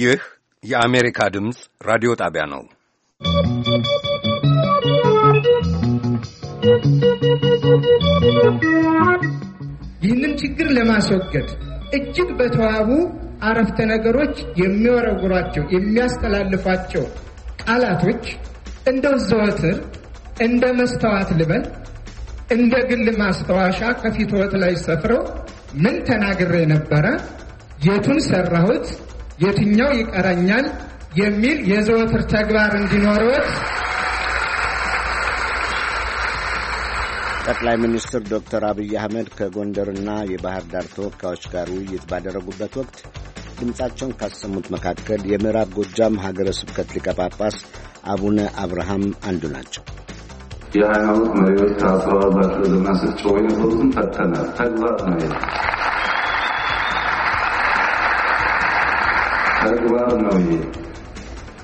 ይህ የአሜሪካ ድምፅ ራዲዮ ጣቢያ ነው። ይህንን ችግር ለማስወገድ እጅግ በተዋቡ አረፍተ ነገሮች የሚወረውሯቸው የሚያስተላልፏቸው ቃላቶች እንደው ዘወትር እንደ መስተዋት ልበል እንደ ግል ማስታወሻ ከፊት ላይ ሰፍረው ምን ተናግሬ ነበረ፣ የቱን ሰራሁት የትኛው ይቀረኛል የሚል የዘወትር ተግባር እንዲኖረት ጠቅላይ ሚኒስትር ዶክተር አብይ አህመድ ከጎንደርና የባህር ዳር ተወካዮች ጋር ውይይት ባደረጉበት ወቅት ድምፃቸውን ካሰሙት መካከል የምዕራብ ጎጃም ሀገረ ስብከት ሊቀ ጳጳስ አቡነ አብርሃም አንዱ ናቸው። የሃይማኖት መሪዎች ታስረዋል። ባቸው ዘና ስጮ ፈተናል ተግባር ነው ተግባር ነው ይሄ።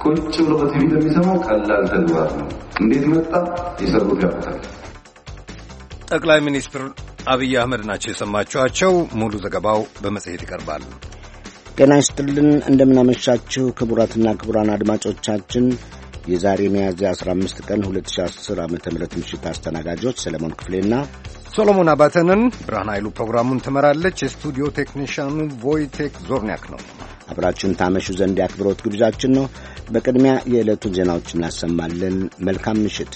ቁጭ ብሎ በቲቪ እንደሚሰማው ቀላል ተግባር ነው። እንዴት መጣ? የሰሩት ያውቃል። ጠቅላይ ሚኒስትር አብይ አህመድ ናቸው የሰማችኋቸው። ሙሉ ዘገባው በመጽሔት ይቀርባል። ጤና ይስጥልን፣ እንደምናመሻችሁ ክቡራትና ክቡራን አድማጮቻችን የዛሬ ሚያዝያ 15 ቀን 2010 ዓ ም ምሽት አስተናጋጆች ሰለሞን ክፍሌና ሶሎሞን አባተንን ብርሃን ኃይሉ ፕሮግራሙን ትመራለች። የስቱዲዮ ቴክኒሽያኑ ቮይቴክ ዞርኒያክ ነው። አብራችሁን ታመሹ ዘንድ የአክብሮት ግብዣችን ነው። በቅድሚያ የዕለቱን ዜናዎች እናሰማለን። መልካም ምሽት።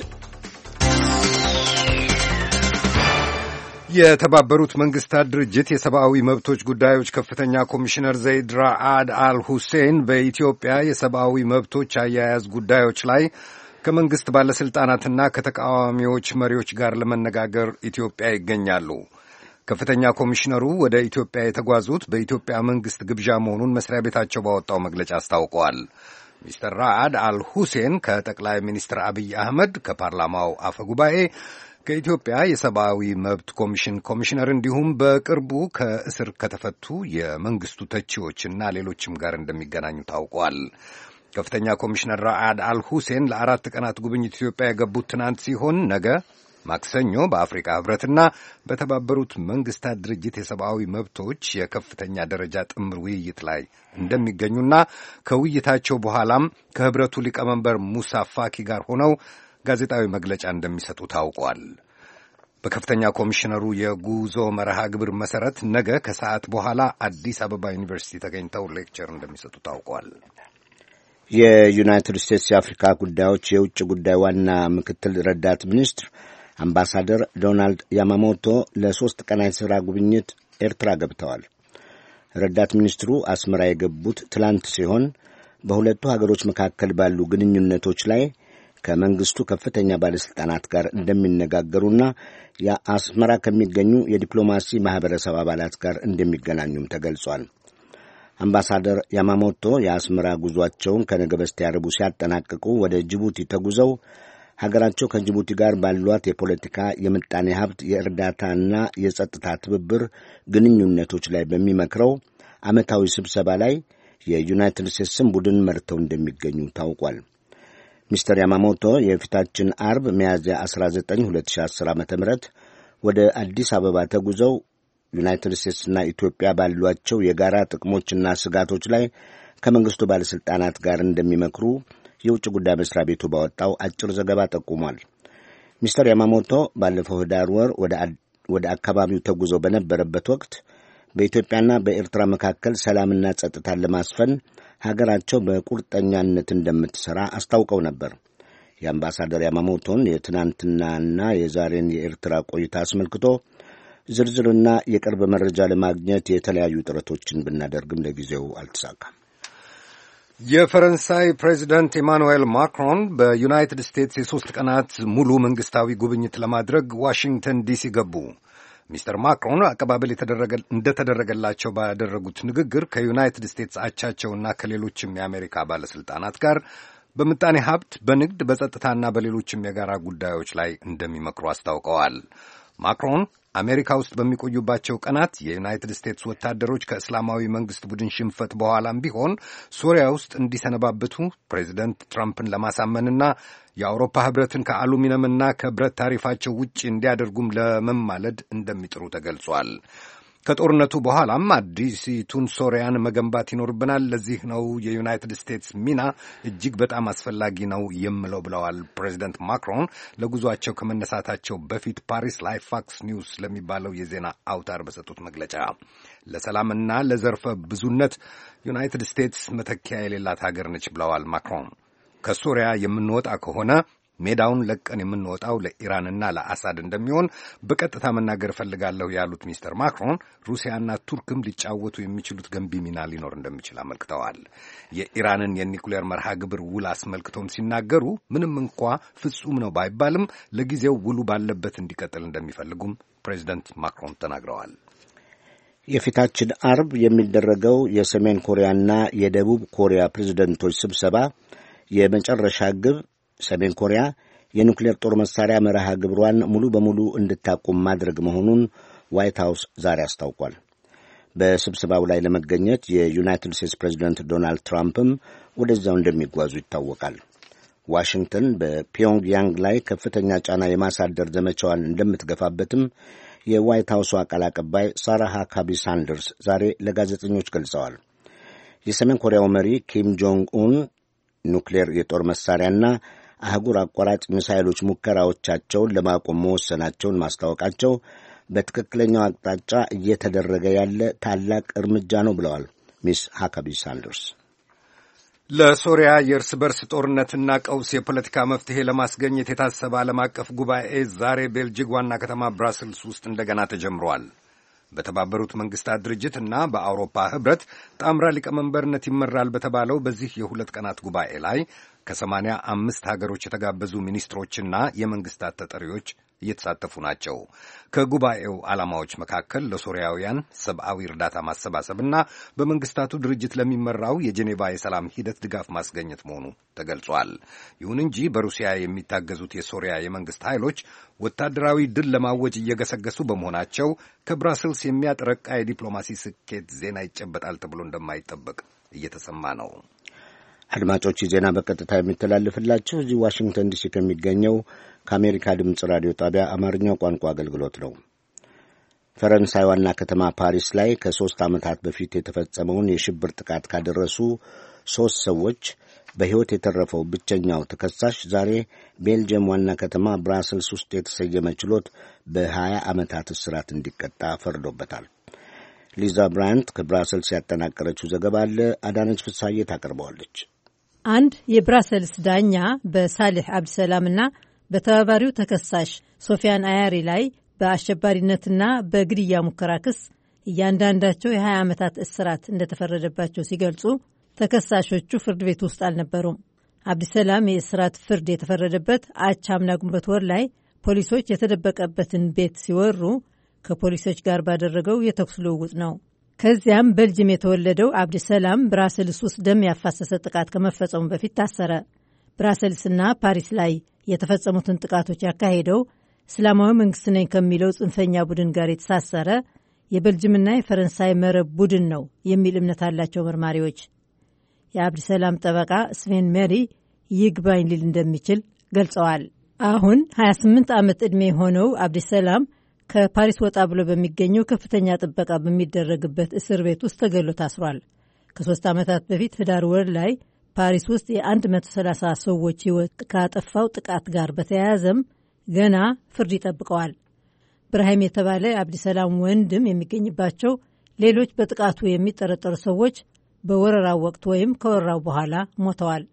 የተባበሩት መንግስታት ድርጅት የሰብአዊ መብቶች ጉዳዮች ከፍተኛ ኮሚሽነር ዘይድ ራአድ አል ሁሴን በኢትዮጵያ የሰብአዊ መብቶች አያያዝ ጉዳዮች ላይ ከመንግሥት ባለሥልጣናትና ከተቃዋሚዎች መሪዎች ጋር ለመነጋገር ኢትዮጵያ ይገኛሉ። ከፍተኛ ኮሚሽነሩ ወደ ኢትዮጵያ የተጓዙት በኢትዮጵያ መንግሥት ግብዣ መሆኑን መስሪያ ቤታቸው ባወጣው መግለጫ አስታውቀዋል። ሚስተር ራአድ አል ሁሴን ከጠቅላይ ሚኒስትር አብይ አህመድ፣ ከፓርላማው አፈ ጉባኤ፣ ከኢትዮጵያ የሰብአዊ መብት ኮሚሽን ኮሚሽነር እንዲሁም በቅርቡ ከእስር ከተፈቱ የመንግሥቱ ተቺዎችና ሌሎችም ጋር እንደሚገናኙ ታውቋል። ከፍተኛ ኮሚሽነር ራአድ አል ሁሴን ለአራት ቀናት ጉብኝት ኢትዮጵያ የገቡት ትናንት ሲሆን ነገ ማክሰኞ በአፍሪካ ህብረትና በተባበሩት መንግስታት ድርጅት የሰብአዊ መብቶች የከፍተኛ ደረጃ ጥምር ውይይት ላይ እንደሚገኙና ከውይይታቸው በኋላም ከህብረቱ ሊቀመንበር ሙሳ ፋኪ ጋር ሆነው ጋዜጣዊ መግለጫ እንደሚሰጡ ታውቋል። በከፍተኛ ኮሚሽነሩ የጉዞ መርሃ ግብር መሰረት ነገ ከሰዓት በኋላ አዲስ አበባ ዩኒቨርሲቲ ተገኝተው ሌክቸር እንደሚሰጡ ታውቋል። የዩናይትድ ስቴትስ የአፍሪካ ጉዳዮች የውጭ ጉዳይ ዋና ምክትል ረዳት ሚኒስትር አምባሳደር ዶናልድ ያማሞቶ ለሦስት ቀናት ሥራ ጉብኝት ኤርትራ ገብተዋል። ረዳት ሚኒስትሩ አስመራ የገቡት ትላንት ሲሆን በሁለቱ ሀገሮች መካከል ባሉ ግንኙነቶች ላይ ከመንግስቱ ከፍተኛ ባለሥልጣናት ጋር እንደሚነጋገሩና የአስመራ ከሚገኙ የዲፕሎማሲ ማኅበረሰብ አባላት ጋር እንደሚገናኙም ተገልጿል። አምባሳደር ያማሞቶ የአስመራ ጉዟቸውን ከነገ በስቲያ ረቡዕ ሲያጠናቅቁ ወደ ጅቡቲ ተጉዘው ሀገራቸው ከጅቡቲ ጋር ባሏት የፖለቲካ የምጣኔ ሀብት የእርዳታና የጸጥታ ትብብር ግንኙነቶች ላይ በሚመክረው ዓመታዊ ስብሰባ ላይ የዩናይትድ ስቴትስን ቡድን መርተው እንደሚገኙ ታውቋል። ሚስተር ያማሞቶ የፊታችን አርብ ሚያዝያ 19 2010 ዓ ም ወደ አዲስ አበባ ተጉዘው ዩናይትድ ስቴትስና ኢትዮጵያ ባሏቸው የጋራ ጥቅሞችና ስጋቶች ላይ ከመንግሥቱ ባለሥልጣናት ጋር እንደሚመክሩ የውጭ ጉዳይ መስሪያ ቤቱ ባወጣው አጭር ዘገባ ጠቁሟል። ሚስተር ያማሞቶ ባለፈው ህዳር ወር ወደ አካባቢው ተጉዞ በነበረበት ወቅት በኢትዮጵያና በኤርትራ መካከል ሰላምና ጸጥታን ለማስፈን ሀገራቸው በቁርጠኛነት እንደምትሠራ አስታውቀው ነበር። የአምባሳደር ያማሞቶን የትናንትናና የዛሬን የኤርትራ ቆይታ አስመልክቶ ዝርዝርና የቅርብ መረጃ ለማግኘት የተለያዩ ጥረቶችን ብናደርግም ለጊዜው አልተሳካም። የፈረንሳይ ፕሬዚደንት ኢማኑኤል ማክሮን በዩናይትድ ስቴትስ የሦስት ቀናት ሙሉ መንግሥታዊ ጉብኝት ለማድረግ ዋሽንግተን ዲሲ ገቡ። ሚስተር ማክሮን አቀባበል እንደተደረገላቸው ባደረጉት ንግግር ከዩናይትድ ስቴትስ አቻቸውና ከሌሎችም የአሜሪካ ባለሥልጣናት ጋር በምጣኔ ሀብት፣ በንግድ፣ በጸጥታና በሌሎችም የጋራ ጉዳዮች ላይ እንደሚመክሩ አስታውቀዋል። ማክሮን አሜሪካ ውስጥ በሚቆዩባቸው ቀናት የዩናይትድ ስቴትስ ወታደሮች ከእስላማዊ መንግስት ቡድን ሽንፈት በኋላም ቢሆን ሶሪያ ውስጥ እንዲሰነባበቱ ፕሬዚደንት ትራምፕን ለማሳመንና የአውሮፓ ህብረትን ከአሉሚኒየምና ከብረት ታሪፋቸው ውጭ እንዲያደርጉም ለመማለድ እንደሚጥሩ ተገልጿል። ከጦርነቱ በኋላም አዲሲቱን ሶሪያን መገንባት ይኖርብናል። ለዚህ ነው የዩናይትድ ስቴትስ ሚና እጅግ በጣም አስፈላጊ ነው የምለው ብለዋል ፕሬዚደንት ማክሮን ለጉዟቸው ከመነሳታቸው በፊት ፓሪስ ላይ ፋክስ ኒውስ ለሚባለው የዜና አውታር በሰጡት መግለጫ ለሰላምና ለዘርፈ ብዙነት ዩናይትድ ስቴትስ መተኪያ የሌላት ሀገር ነች ብለዋል ማክሮን ከሶሪያ የምንወጣ ከሆነ ሜዳውን ለቀን የምንወጣው ለኢራንና ለአሳድ እንደሚሆን በቀጥታ መናገር እፈልጋለሁ ያሉት ሚስተር ማክሮን ሩሲያና ቱርክም ሊጫወቱ የሚችሉት ገንቢ ሚና ሊኖር እንደሚችል አመልክተዋል። የኢራንን የኒኩሌር መርሃ ግብር ውል አስመልክቶም ሲናገሩ ምንም እንኳ ፍጹም ነው ባይባልም ለጊዜው ውሉ ባለበት እንዲቀጥል እንደሚፈልጉም ፕሬዚደንት ማክሮን ተናግረዋል። የፊታችን አርብ የሚደረገው የሰሜን ኮሪያና የደቡብ ኮሪያ ፕሬዝደንቶች ስብሰባ የመጨረሻ ግብ ሰሜን ኮሪያ የኑክሌር ጦር መሳሪያ መርሃ ግብሯን ሙሉ በሙሉ እንድታቁም ማድረግ መሆኑን ዋይት ሃውስ ዛሬ አስታውቋል። በስብሰባው ላይ ለመገኘት የዩናይትድ ስቴትስ ፕሬዚደንት ዶናልድ ትራምፕም ወደዚያው እንደሚጓዙ ይታወቃል። ዋሽንግተን በፒዮንግያንግ ላይ ከፍተኛ ጫና የማሳደር ዘመቻዋን እንደምትገፋበትም የዋይት ሃውሷ ቃል አቀባይ ሳራ ሃካቢ ሳንደርስ ዛሬ ለጋዜጠኞች ገልጸዋል። የሰሜን ኮሪያው መሪ ኪም ጆንግ ኡን ኑክሌር የጦር መሳሪያና አህጉር አቋራጭ ሚሳይሎች ሙከራዎቻቸውን ለማቆም መወሰናቸውን ማስታወቃቸው በትክክለኛው አቅጣጫ እየተደረገ ያለ ታላቅ እርምጃ ነው ብለዋል ሚስ ሃካቢ ሳንደርስ። ለሶሪያ የእርስ በርስ ጦርነትና ቀውስ የፖለቲካ መፍትሄ ለማስገኘት የታሰበ ዓለም አቀፍ ጉባኤ ዛሬ ቤልጅግ ዋና ከተማ ብራስልስ ውስጥ እንደገና ተጀምሯል። በተባበሩት መንግስታት ድርጅት እና በአውሮፓ ህብረት ጣምራ ሊቀመንበርነት ይመራል በተባለው በዚህ የሁለት ቀናት ጉባኤ ላይ ከሰማንያ አምስት ሀገሮች የተጋበዙ ሚኒስትሮችና የመንግስታት ተጠሪዎች እየተሳተፉ ናቸው። ከጉባኤው ዓላማዎች መካከል ለሶሪያውያን ሰብአዊ እርዳታ ማሰባሰብና በመንግስታቱ ድርጅት ለሚመራው የጄኔቫ የሰላም ሂደት ድጋፍ ማስገኘት መሆኑ ተገልጿል። ይሁን እንጂ በሩሲያ የሚታገዙት የሶሪያ የመንግስት ኃይሎች ወታደራዊ ድል ለማወጅ እየገሰገሱ በመሆናቸው ከብራስልስ የሚያጠረቃ የዲፕሎማሲ ስኬት ዜና ይጨበጣል ተብሎ እንደማይጠበቅ እየተሰማ ነው። አድማጮች ዜና በቀጥታ የሚተላለፍላችሁ እዚህ ዋሽንግተን ዲሲ ከሚገኘው ከአሜሪካ ድምፅ ራዲዮ ጣቢያ አማርኛው ቋንቋ አገልግሎት ነው። ፈረንሳይ ዋና ከተማ ፓሪስ ላይ ከሦስት ዓመታት በፊት የተፈጸመውን የሽብር ጥቃት ካደረሱ ሦስት ሰዎች በሕይወት የተረፈው ብቸኛው ተከሳሽ ዛሬ ቤልጅየም ዋና ከተማ ብራስልስ ውስጥ የተሰየመ ችሎት በ20 ዓመታት እስራት እንዲቀጣ ፈርዶበታል። ሊዛ ብራያንት ከብራስልስ ያጠናቀረችው ዘገባ አለ። አዳነች ፍሳዬ ታቀርበዋለች። አንድ የብራሰልስ ዳኛ በሳሌሕ አብድሰላምና በተባባሪው ተከሳሽ ሶፊያን አያሪ ላይ በአሸባሪነትና በግድያ ሙከራ ክስ እያንዳንዳቸው የ20 ዓመታት እስራት እንደተፈረደባቸው ሲገልጹ ተከሳሾቹ ፍርድ ቤት ውስጥ አልነበሩም። አብዲሰላም የእስራት ፍርድ የተፈረደበት አቻምና ግንቦት ወር ላይ ፖሊሶች የተደበቀበትን ቤት ሲወሩ ከፖሊሶች ጋር ባደረገው የተኩስ ልውውጥ ነው። ከዚያም በልጅም የተወለደው ሰላም ብራሰልስ ውስጥ ደም ያፋሰሰ ጥቃት ከመፈጸሙ በፊት ታሰረ። ብራሰልስና ፓሪስ ላይ የተፈጸሙትን ጥቃቶች ያካሄደው እስላማዊ መንግስት ነኝ ከሚለው ጽንፈኛ ቡድን ጋር የተሳሰረ የበልጅምና የፈረንሳይ መረብ ቡድን ነው የሚል እምነት አላቸው መርማሪዎች። ሰላም ጠበቃ ስቬን ሜሪ ይግባኝ ሊል እንደሚችል ገልጸዋል። አሁን 28 ዓመት ዕድሜ የሆነው ሰላም ከፓሪስ ወጣ ብሎ በሚገኘው ከፍተኛ ጥበቃ በሚደረግበት እስር ቤት ውስጥ ተገሎ ታስሯል። ከሶስት ዓመታት በፊት ህዳር ወር ላይ ፓሪስ ውስጥ የ130 ሰዎች ህይወት ካጠፋው ጥቃት ጋር በተያያዘም ገና ፍርድ ይጠብቀዋል። ብርሃም የተባለ የአብዲሰላም ወንድም የሚገኝባቸው ሌሎች በጥቃቱ የሚጠረጠሩ ሰዎች በወረራው ወቅት ወይም ከወረራው በኋላ ሞተዋል።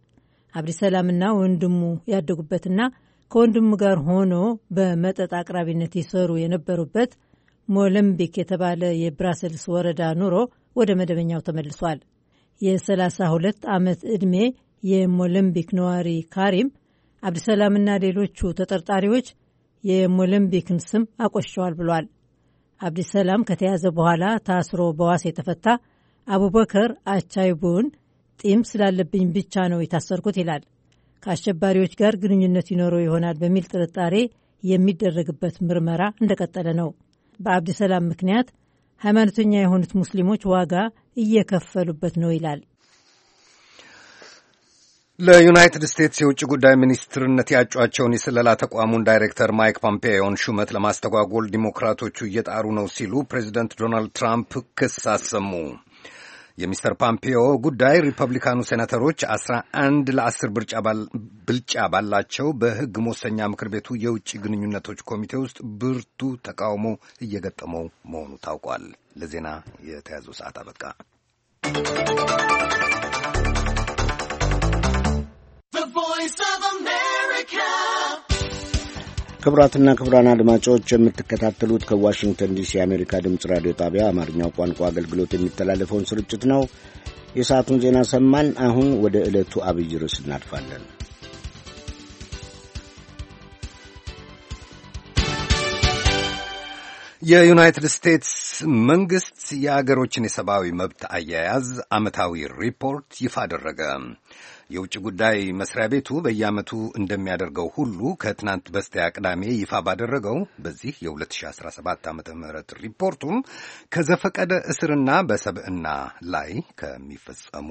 አብዲሰላምና ወንድሙ ያደጉበትና ከወንድሙ ጋር ሆኖ በመጠጥ አቅራቢነት ይሰሩ የነበሩበት ሞለምቢክ የተባለ የብራሰልስ ወረዳ ኑሮ ወደ መደበኛው ተመልሷል። የ32 ዓመት ዕድሜ የሞለምቢክ ነዋሪ ካሪም አብዲሰላምና ሌሎቹ ተጠርጣሪዎች የሞለምቢክን ስም አቆሽሸዋል ብሏል። አብዲሰላም ከተያዘ በኋላ ታስሮ በዋስ የተፈታ አቡበከር አቻይቡን ጢም ስላለብኝ ብቻ ነው የታሰርኩት ይላል። ከአሸባሪዎች ጋር ግንኙነት ይኖረው ይሆናል በሚል ጥርጣሬ የሚደረግበት ምርመራ እንደቀጠለ ነው። በአብድሰላም ምክንያት ሃይማኖተኛ የሆኑት ሙስሊሞች ዋጋ እየከፈሉበት ነው ይላል። ለዩናይትድ ስቴትስ የውጭ ጉዳይ ሚኒስትርነት ያጯቸውን የስለላ ተቋሙን ዳይሬክተር ማይክ ፖምፔዮን ሹመት ለማስተጓጎል ዲሞክራቶቹ እየጣሩ ነው ሲሉ ፕሬዚደንት ዶናልድ ትራምፕ ክስ አሰሙ። የሚስተር ፖምፔዮ ጉዳይ ሪፐብሊካኑ ሴናተሮች አስራ አንድ ለአስር ብልጫ ባላቸው በሕግ መወሰኛ ምክር ቤቱ የውጭ ግንኙነቶች ኮሚቴ ውስጥ ብርቱ ተቃውሞ እየገጠመው መሆኑ ታውቋል። ለዜና የተያዘው ሰዓት አበቃ። ክቡራትና ክቡራን አድማጮች የምትከታተሉት ከዋሽንግተን ዲሲ የአሜሪካ ድምፅ ራዲዮ ጣቢያ አማርኛው ቋንቋ አገልግሎት የሚተላለፈውን ስርጭት ነው። የሰዓቱን ዜና ሰማን። አሁን ወደ ዕለቱ አብይ ርዕስ እናልፋለን። የዩናይትድ ስቴትስ መንግሥት የአገሮችን የሰብአዊ መብት አያያዝ ዓመታዊ ሪፖርት ይፋ አደረገ። የውጭ ጉዳይ መስሪያ ቤቱ በየዓመቱ እንደሚያደርገው ሁሉ ከትናንት በስቲያ ቅዳሜ ይፋ ባደረገው በዚህ የ2017 ዓ ም ሪፖርቱም ከዘፈቀደ እስርና በሰብዕና ላይ ከሚፈጸሙ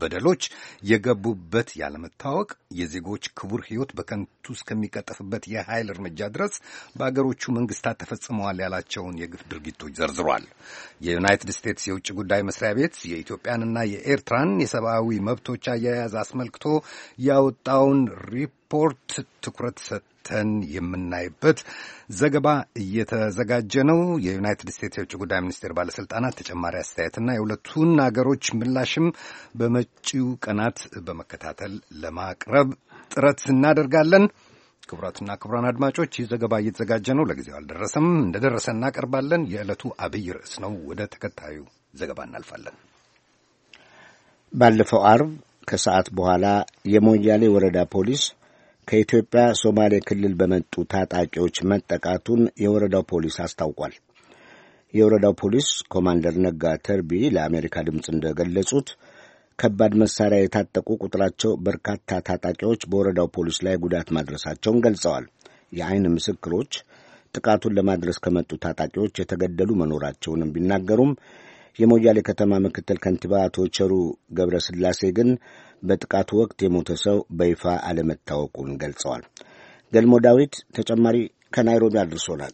በደሎች የገቡበት ያለመታወቅ የዜጎች ክቡር ሕይወት በከንቱ እስከሚቀጠፍበት የኃይል እርምጃ ድረስ በአገሮቹ መንግስታት ተፈጽመዋል ያላቸውን የግፍ ድርጊቶች ዘርዝሯል። የዩናይትድ ስቴትስ የውጭ ጉዳይ መስሪያ ቤት የኢትዮጵያንና የኤርትራን የሰብአዊ መብቶች አያያዝ አስመልክቶ ያወጣውን ሪፖርት ትኩረት ሰጥ መተን የምናይበት ዘገባ እየተዘጋጀ ነው። የዩናይትድ ስቴትስ የውጭ ጉዳይ ሚኒስቴር ባለስልጣናት ተጨማሪ አስተያየትና የሁለቱን አገሮች ምላሽም በመጪው ቀናት በመከታተል ለማቅረብ ጥረት እናደርጋለን። ክቡራትና ክቡራን አድማጮች ይህ ዘገባ እየተዘጋጀ ነው። ለጊዜው አልደረሰም። እንደደረሰ እናቀርባለን። የዕለቱ አብይ ርዕስ ነው። ወደ ተከታዩ ዘገባ እናልፋለን። ባለፈው አርብ ከሰዓት በኋላ የሞያሌ ወረዳ ፖሊስ ከኢትዮጵያ ሶማሌ ክልል በመጡ ታጣቂዎች መጠቃቱን የወረዳው ፖሊስ አስታውቋል። የወረዳው ፖሊስ ኮማንደር ነጋ ተርቢ ለአሜሪካ ድምፅ እንደገለጹት ከባድ መሳሪያ የታጠቁ ቁጥራቸው በርካታ ታጣቂዎች በወረዳው ፖሊስ ላይ ጉዳት ማድረሳቸውን ገልጸዋል። የአይን ምስክሮች ጥቃቱን ለማድረስ ከመጡ ታጣቂዎች የተገደሉ መኖራቸውንም ቢናገሩም የሞያሌ ከተማ ምክትል ከንቲባ አቶ ቸሩ ገብረስላሴ ግን በጥቃቱ ወቅት የሞተ ሰው በይፋ አለመታወቁን ገልጸዋል። ገልሞ ዳዊት ተጨማሪ ከናይሮቢ አድርሶናል።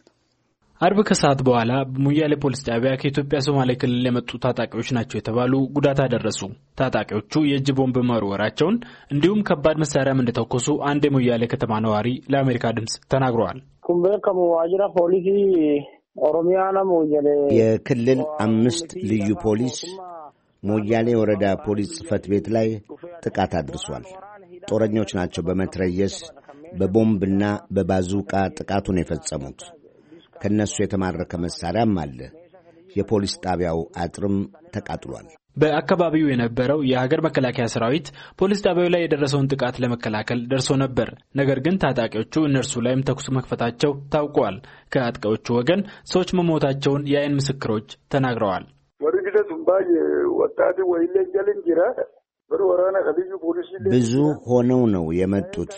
አርብ ከሰዓት በኋላ ሙያሌ ፖሊስ ጣቢያ ከኢትዮጵያ ሶማሌ ክልል የመጡ ታጣቂዎች ናቸው የተባሉ ጉዳት አደረሱ። ታጣቂዎቹ የእጅ ቦምብ መወርወራቸውን እንዲሁም ከባድ መሳሪያም እንደተኮሱ አንድ የሙያሌ ከተማ ነዋሪ ለአሜሪካ ድምፅ ተናግረዋል። የክልል አምስት ልዩ ፖሊስ ሞያሌ ወረዳ ፖሊስ ጽፈት ቤት ላይ ጥቃት አድርሷል። ጦረኞች ናቸው በመትረየስ በቦምብና በባዙቃ ጥቃቱን የፈጸሙት። ከእነሱ የተማረከ መሣሪያም አለ። የፖሊስ ጣቢያው አጥርም ተቃጥሏል። በአካባቢው የነበረው የሀገር መከላከያ ሰራዊት ፖሊስ ጣቢያው ላይ የደረሰውን ጥቃት ለመከላከል ደርሶ ነበር። ነገር ግን ታጣቂዎቹ እነርሱ ላይም ተኩስ መክፈታቸው ታውቋል። ከአጥቂዎቹ ወገን ሰዎች መሞታቸውን የአይን ምስክሮች ተናግረዋል። ወጣት ብዙ ሆነው ነው የመጡት።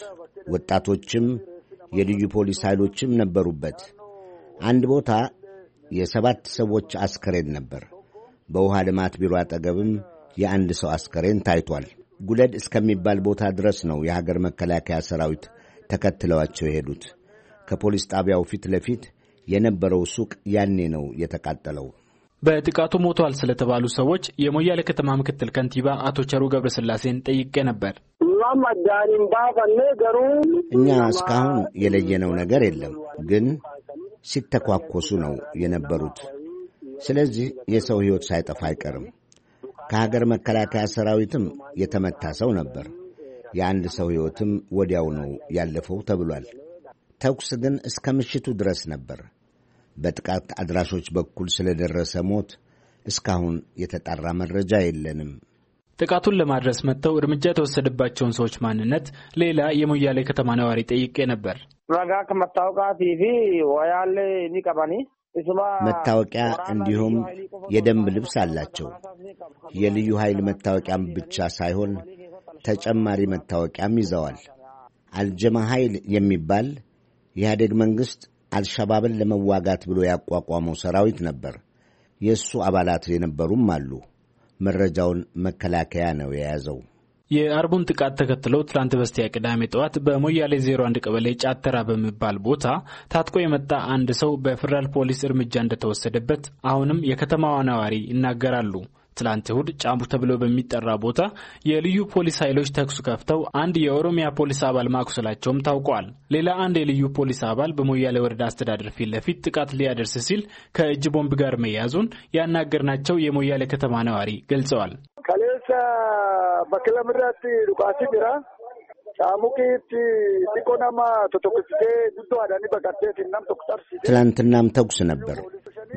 ወጣቶችም የልዩ ፖሊስ ኃይሎችም ነበሩበት። አንድ ቦታ የሰባት ሰዎች አስከሬን ነበር። በውሃ ልማት ቢሮ አጠገብም የአንድ ሰው አስከሬን ታይቷል። ጉለድ እስከሚባል ቦታ ድረስ ነው የሀገር መከላከያ ሰራዊት ተከትለዋቸው የሄዱት። ከፖሊስ ጣቢያው ፊት ለፊት የነበረው ሱቅ ያኔ ነው የተቃጠለው። በጥቃቱ ሞቷል ስለተባሉ ሰዎች የሞያሌ ከተማ ምክትል ከንቲባ አቶ ቸሩ ገብረስላሴን ጠይቄ ነበር። እኛ እስካሁን የለየነው ነገር የለም፣ ግን ሲተኳኮሱ ነው የነበሩት። ስለዚህ የሰው ሕይወት ሳይጠፋ አይቀርም። ከሀገር መከላከያ ሰራዊትም የተመታ ሰው ነበር። የአንድ ሰው ሕይወትም ወዲያው ነው ያለፈው ተብሏል። ተኩስ ግን እስከ ምሽቱ ድረስ ነበር። በጥቃት አድራሾች በኩል ስለደረሰ ሞት እስካሁን የተጣራ መረጃ የለንም። ጥቃቱን ለማድረስ መጥተው እርምጃ የተወሰደባቸውን ሰዎች ማንነት ሌላ የሞያሌ ከተማ ነዋሪ ጠይቄ ነበር። መታወቂያ እንዲሁም የደንብ ልብስ አላቸው። የልዩ ኃይል መታወቂያም ብቻ ሳይሆን ተጨማሪ መታወቂያም ይዘዋል። አልጀማ ኃይል የሚባል የኢህአዴግ መንግሥት አልሸባብን ለመዋጋት ብሎ ያቋቋመው ሰራዊት ነበር። የእሱ አባላት የነበሩም አሉ። መረጃውን መከላከያ ነው የያዘው። የአርቡን ጥቃት ተከትለው ትላንት በስቲያ ቅዳሜ ጠዋት በሞያሌ 01 ቀበሌ ጫተራ በሚባል ቦታ ታጥቆ የመጣ አንድ ሰው በፌደራል ፖሊስ እርምጃ እንደተወሰደበት አሁንም የከተማዋ ነዋሪ ይናገራሉ። ትላንት እሁድ ጫሙ ተብሎ በሚጠራ ቦታ የልዩ ፖሊስ ኃይሎች ተኩስ ከፍተው አንድ የኦሮሚያ ፖሊስ አባል ማቁሰላቸውም ታውቋል። ሌላ አንድ የልዩ ፖሊስ አባል በሞያሌ ወረዳ አስተዳደር ፊት ለፊት ጥቃት ሊያደርስ ሲል ከእጅ ቦምብ ጋር መያዙን ያናገርናቸው የሞያሌ ከተማ ነዋሪ ገልጸዋል። ትላንትናም ተኩስ ነበር።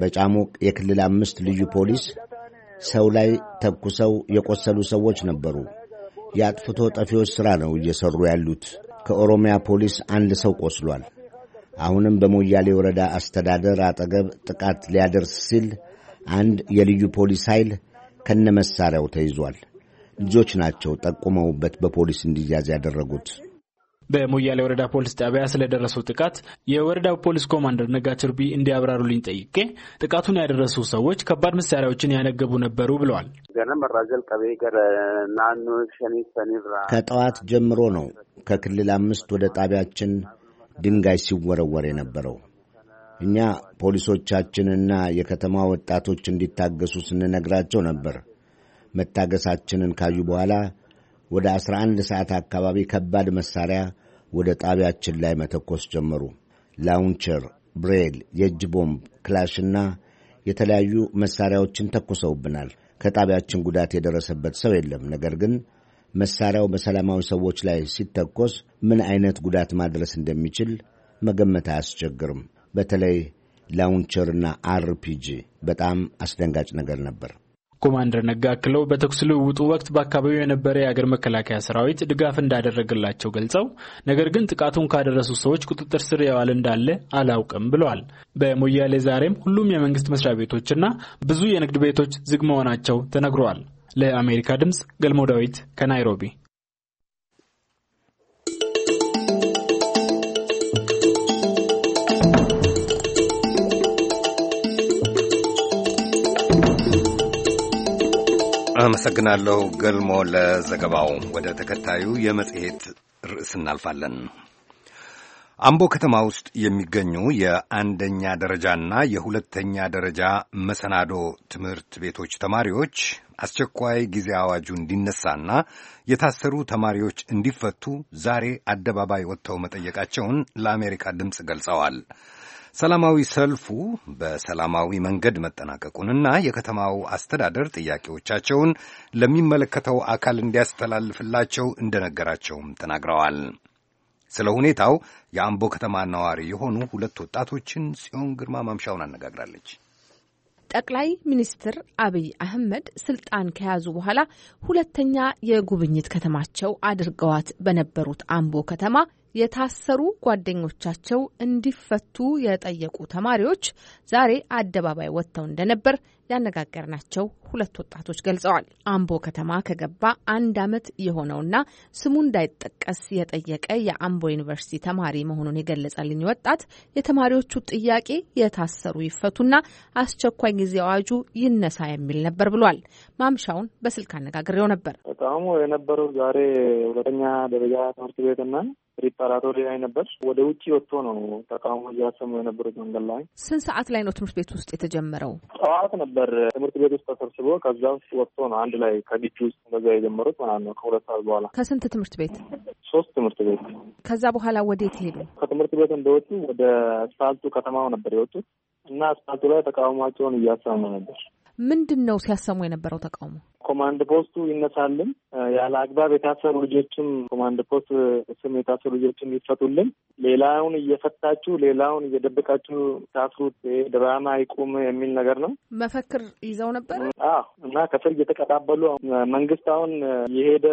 በጫሙቅ የክልል አምስት ልዩ ፖሊስ ሰው ላይ ተኩሰው የቆሰሉ ሰዎች ነበሩ። የአጥፍቶ ጠፊዎች ሥራ ነው እየሠሩ ያሉት። ከኦሮሚያ ፖሊስ አንድ ሰው ቆስሏል። አሁንም በሞያሌ ወረዳ አስተዳደር አጠገብ ጥቃት ሊያደርስ ሲል አንድ የልዩ ፖሊስ ኃይል ከነመሳሪያው ተይዟል። ልጆች ናቸው ጠቁመውበት በፖሊስ እንዲያዝ ያደረጉት። በሞያሌ ወረዳ ፖሊስ ጣቢያ ስለደረሰው ጥቃት የወረዳው ፖሊስ ኮማንደር ነጋችርቢ እንዲያብራሩልኝ ጠይቄ ጥቃቱን ያደረሱ ሰዎች ከባድ መሳሪያዎችን ያነገቡ ነበሩ ብለዋል። ከጠዋት ጀምሮ ነው ከክልል አምስት ወደ ጣቢያችን ድንጋይ ሲወረወር የነበረው። እኛ ፖሊሶቻችንና የከተማ ወጣቶች እንዲታገሱ ስንነግራቸው ነበር። መታገሳችንን ካዩ በኋላ ወደ 11 ሰዓት አካባቢ ከባድ መሳሪያ ወደ ጣቢያችን ላይ መተኮስ ጀመሩ። ላውንቸር፣ ብሬል፣ የእጅ ቦምብ፣ ክላሽና የተለያዩ መሣሪያዎችን ተኩሰውብናል። ከጣቢያችን ጉዳት የደረሰበት ሰው የለም። ነገር ግን መሣሪያው በሰላማዊ ሰዎች ላይ ሲተኮስ ምን አይነት ጉዳት ማድረስ እንደሚችል መገመት አያስቸግርም። በተለይ ላውንቸርና አርፒጂ በጣም አስደንጋጭ ነገር ነበር። ኮማንደር ነጋ አክለው በተኩስ ልውውጡ ወቅት በአካባቢው የነበረ የአገር መከላከያ ሰራዊት ድጋፍ እንዳደረገላቸው ገልጸው ነገር ግን ጥቃቱን ካደረሱ ሰዎች ቁጥጥር ስር የዋለ እንዳለ አላውቅም ብለዋል። በሞያሌ ዛሬም ሁሉም የመንግስት መስሪያ ቤቶችና ብዙ የንግድ ቤቶች ዝግ መሆናቸው ተነግረዋል። ለአሜሪካ ድምፅ ገልሞ ዳዊት ከናይሮቢ አመሰግናለሁ ገልሞ ለዘገባው። ወደ ተከታዩ የመጽሔት ርዕስ እናልፋለን። አምቦ ከተማ ውስጥ የሚገኙ የአንደኛ ደረጃና የሁለተኛ ደረጃ መሰናዶ ትምህርት ቤቶች ተማሪዎች አስቸኳይ ጊዜ አዋጁ እንዲነሳና የታሰሩ ተማሪዎች እንዲፈቱ ዛሬ አደባባይ ወጥተው መጠየቃቸውን ለአሜሪካ ድምፅ ገልጸዋል። ሰላማዊ ሰልፉ በሰላማዊ መንገድ መጠናቀቁንና የከተማው አስተዳደር ጥያቄዎቻቸውን ለሚመለከተው አካል እንዲያስተላልፍላቸው እንደነገራቸውም ተናግረዋል። ስለ ሁኔታው የአምቦ ከተማ ነዋሪ የሆኑ ሁለት ወጣቶችን ጽዮን ግርማ ማምሻውን አነጋግራለች። ጠቅላይ ሚኒስትር አብይ አህመድ ስልጣን ከያዙ በኋላ ሁለተኛ የጉብኝት ከተማቸው አድርገዋት በነበሩት አምቦ ከተማ የታሰሩ ጓደኞቻቸው እንዲፈቱ የጠየቁ ተማሪዎች ዛሬ አደባባይ ወጥተው እንደነበር ያነጋገርናቸው ሁለት ወጣቶች ገልጸዋል። አምቦ ከተማ ከገባ አንድ ዓመት የሆነውና ስሙ እንዳይጠቀስ የጠየቀ የአምቦ ዩኒቨርሲቲ ተማሪ መሆኑን የገለጸልኝ ወጣት የተማሪዎቹ ጥያቄ የታሰሩ ይፈቱና አስቸኳይ ጊዜ አዋጁ ይነሳ የሚል ነበር ብሏል። ማምሻውን በስልክ አነጋግሬው ነበር። በጣም የነበረው ዛሬ ሁለተኛ ደረጃ ትምህርት ቤትና ሪፓራቶሪ ላይ ነበር። ወደ ውጭ ወጥቶ ነው ተቃውሞ እያሰሙ የነበሩት መንገድ ላይ። ስንት ሰዓት ላይ ነው ትምህርት ቤት ውስጥ የተጀመረው? ጠዋት ነበር ነበር ትምህርት ቤት ውስጥ ተሰብስቦ ከዛ ውስጥ ወጥቶ ነው አንድ ላይ ከግቢ ውስጥ በዛ የጀመሩት ማለት ነው። ከሁለት ሰዓት በኋላ ከስንት ትምህርት ቤት ሶስት ትምህርት ቤት። ከዛ በኋላ ወዴት ሄዱ? ከትምህርት ቤት እንደወጡ ወደ አስፋልቱ ከተማው ነበር የወጡት እና አስፋልቱ ላይ ተቃውሟቸውን እያሰሙ ነበር። ምንድን ነው ሲያሰሙ የነበረው ተቃውሞ? ኮማንድ ፖስቱ ይነሳልን፣ ያለ አግባብ የታሰሩ ልጆችም ኮማንድ ፖስት ስም የታሰሩ ልጆችም ይፈቱልን፣ ሌላውን እየፈታችሁ ሌላውን እየደበቃችሁ ታስሩት ድራማ አይቁም የሚል ነገር ነው። መፈክር ይዘው ነበር። አዎ እና ከስር እየተቀባበሉ መንግስት አሁን የሄደ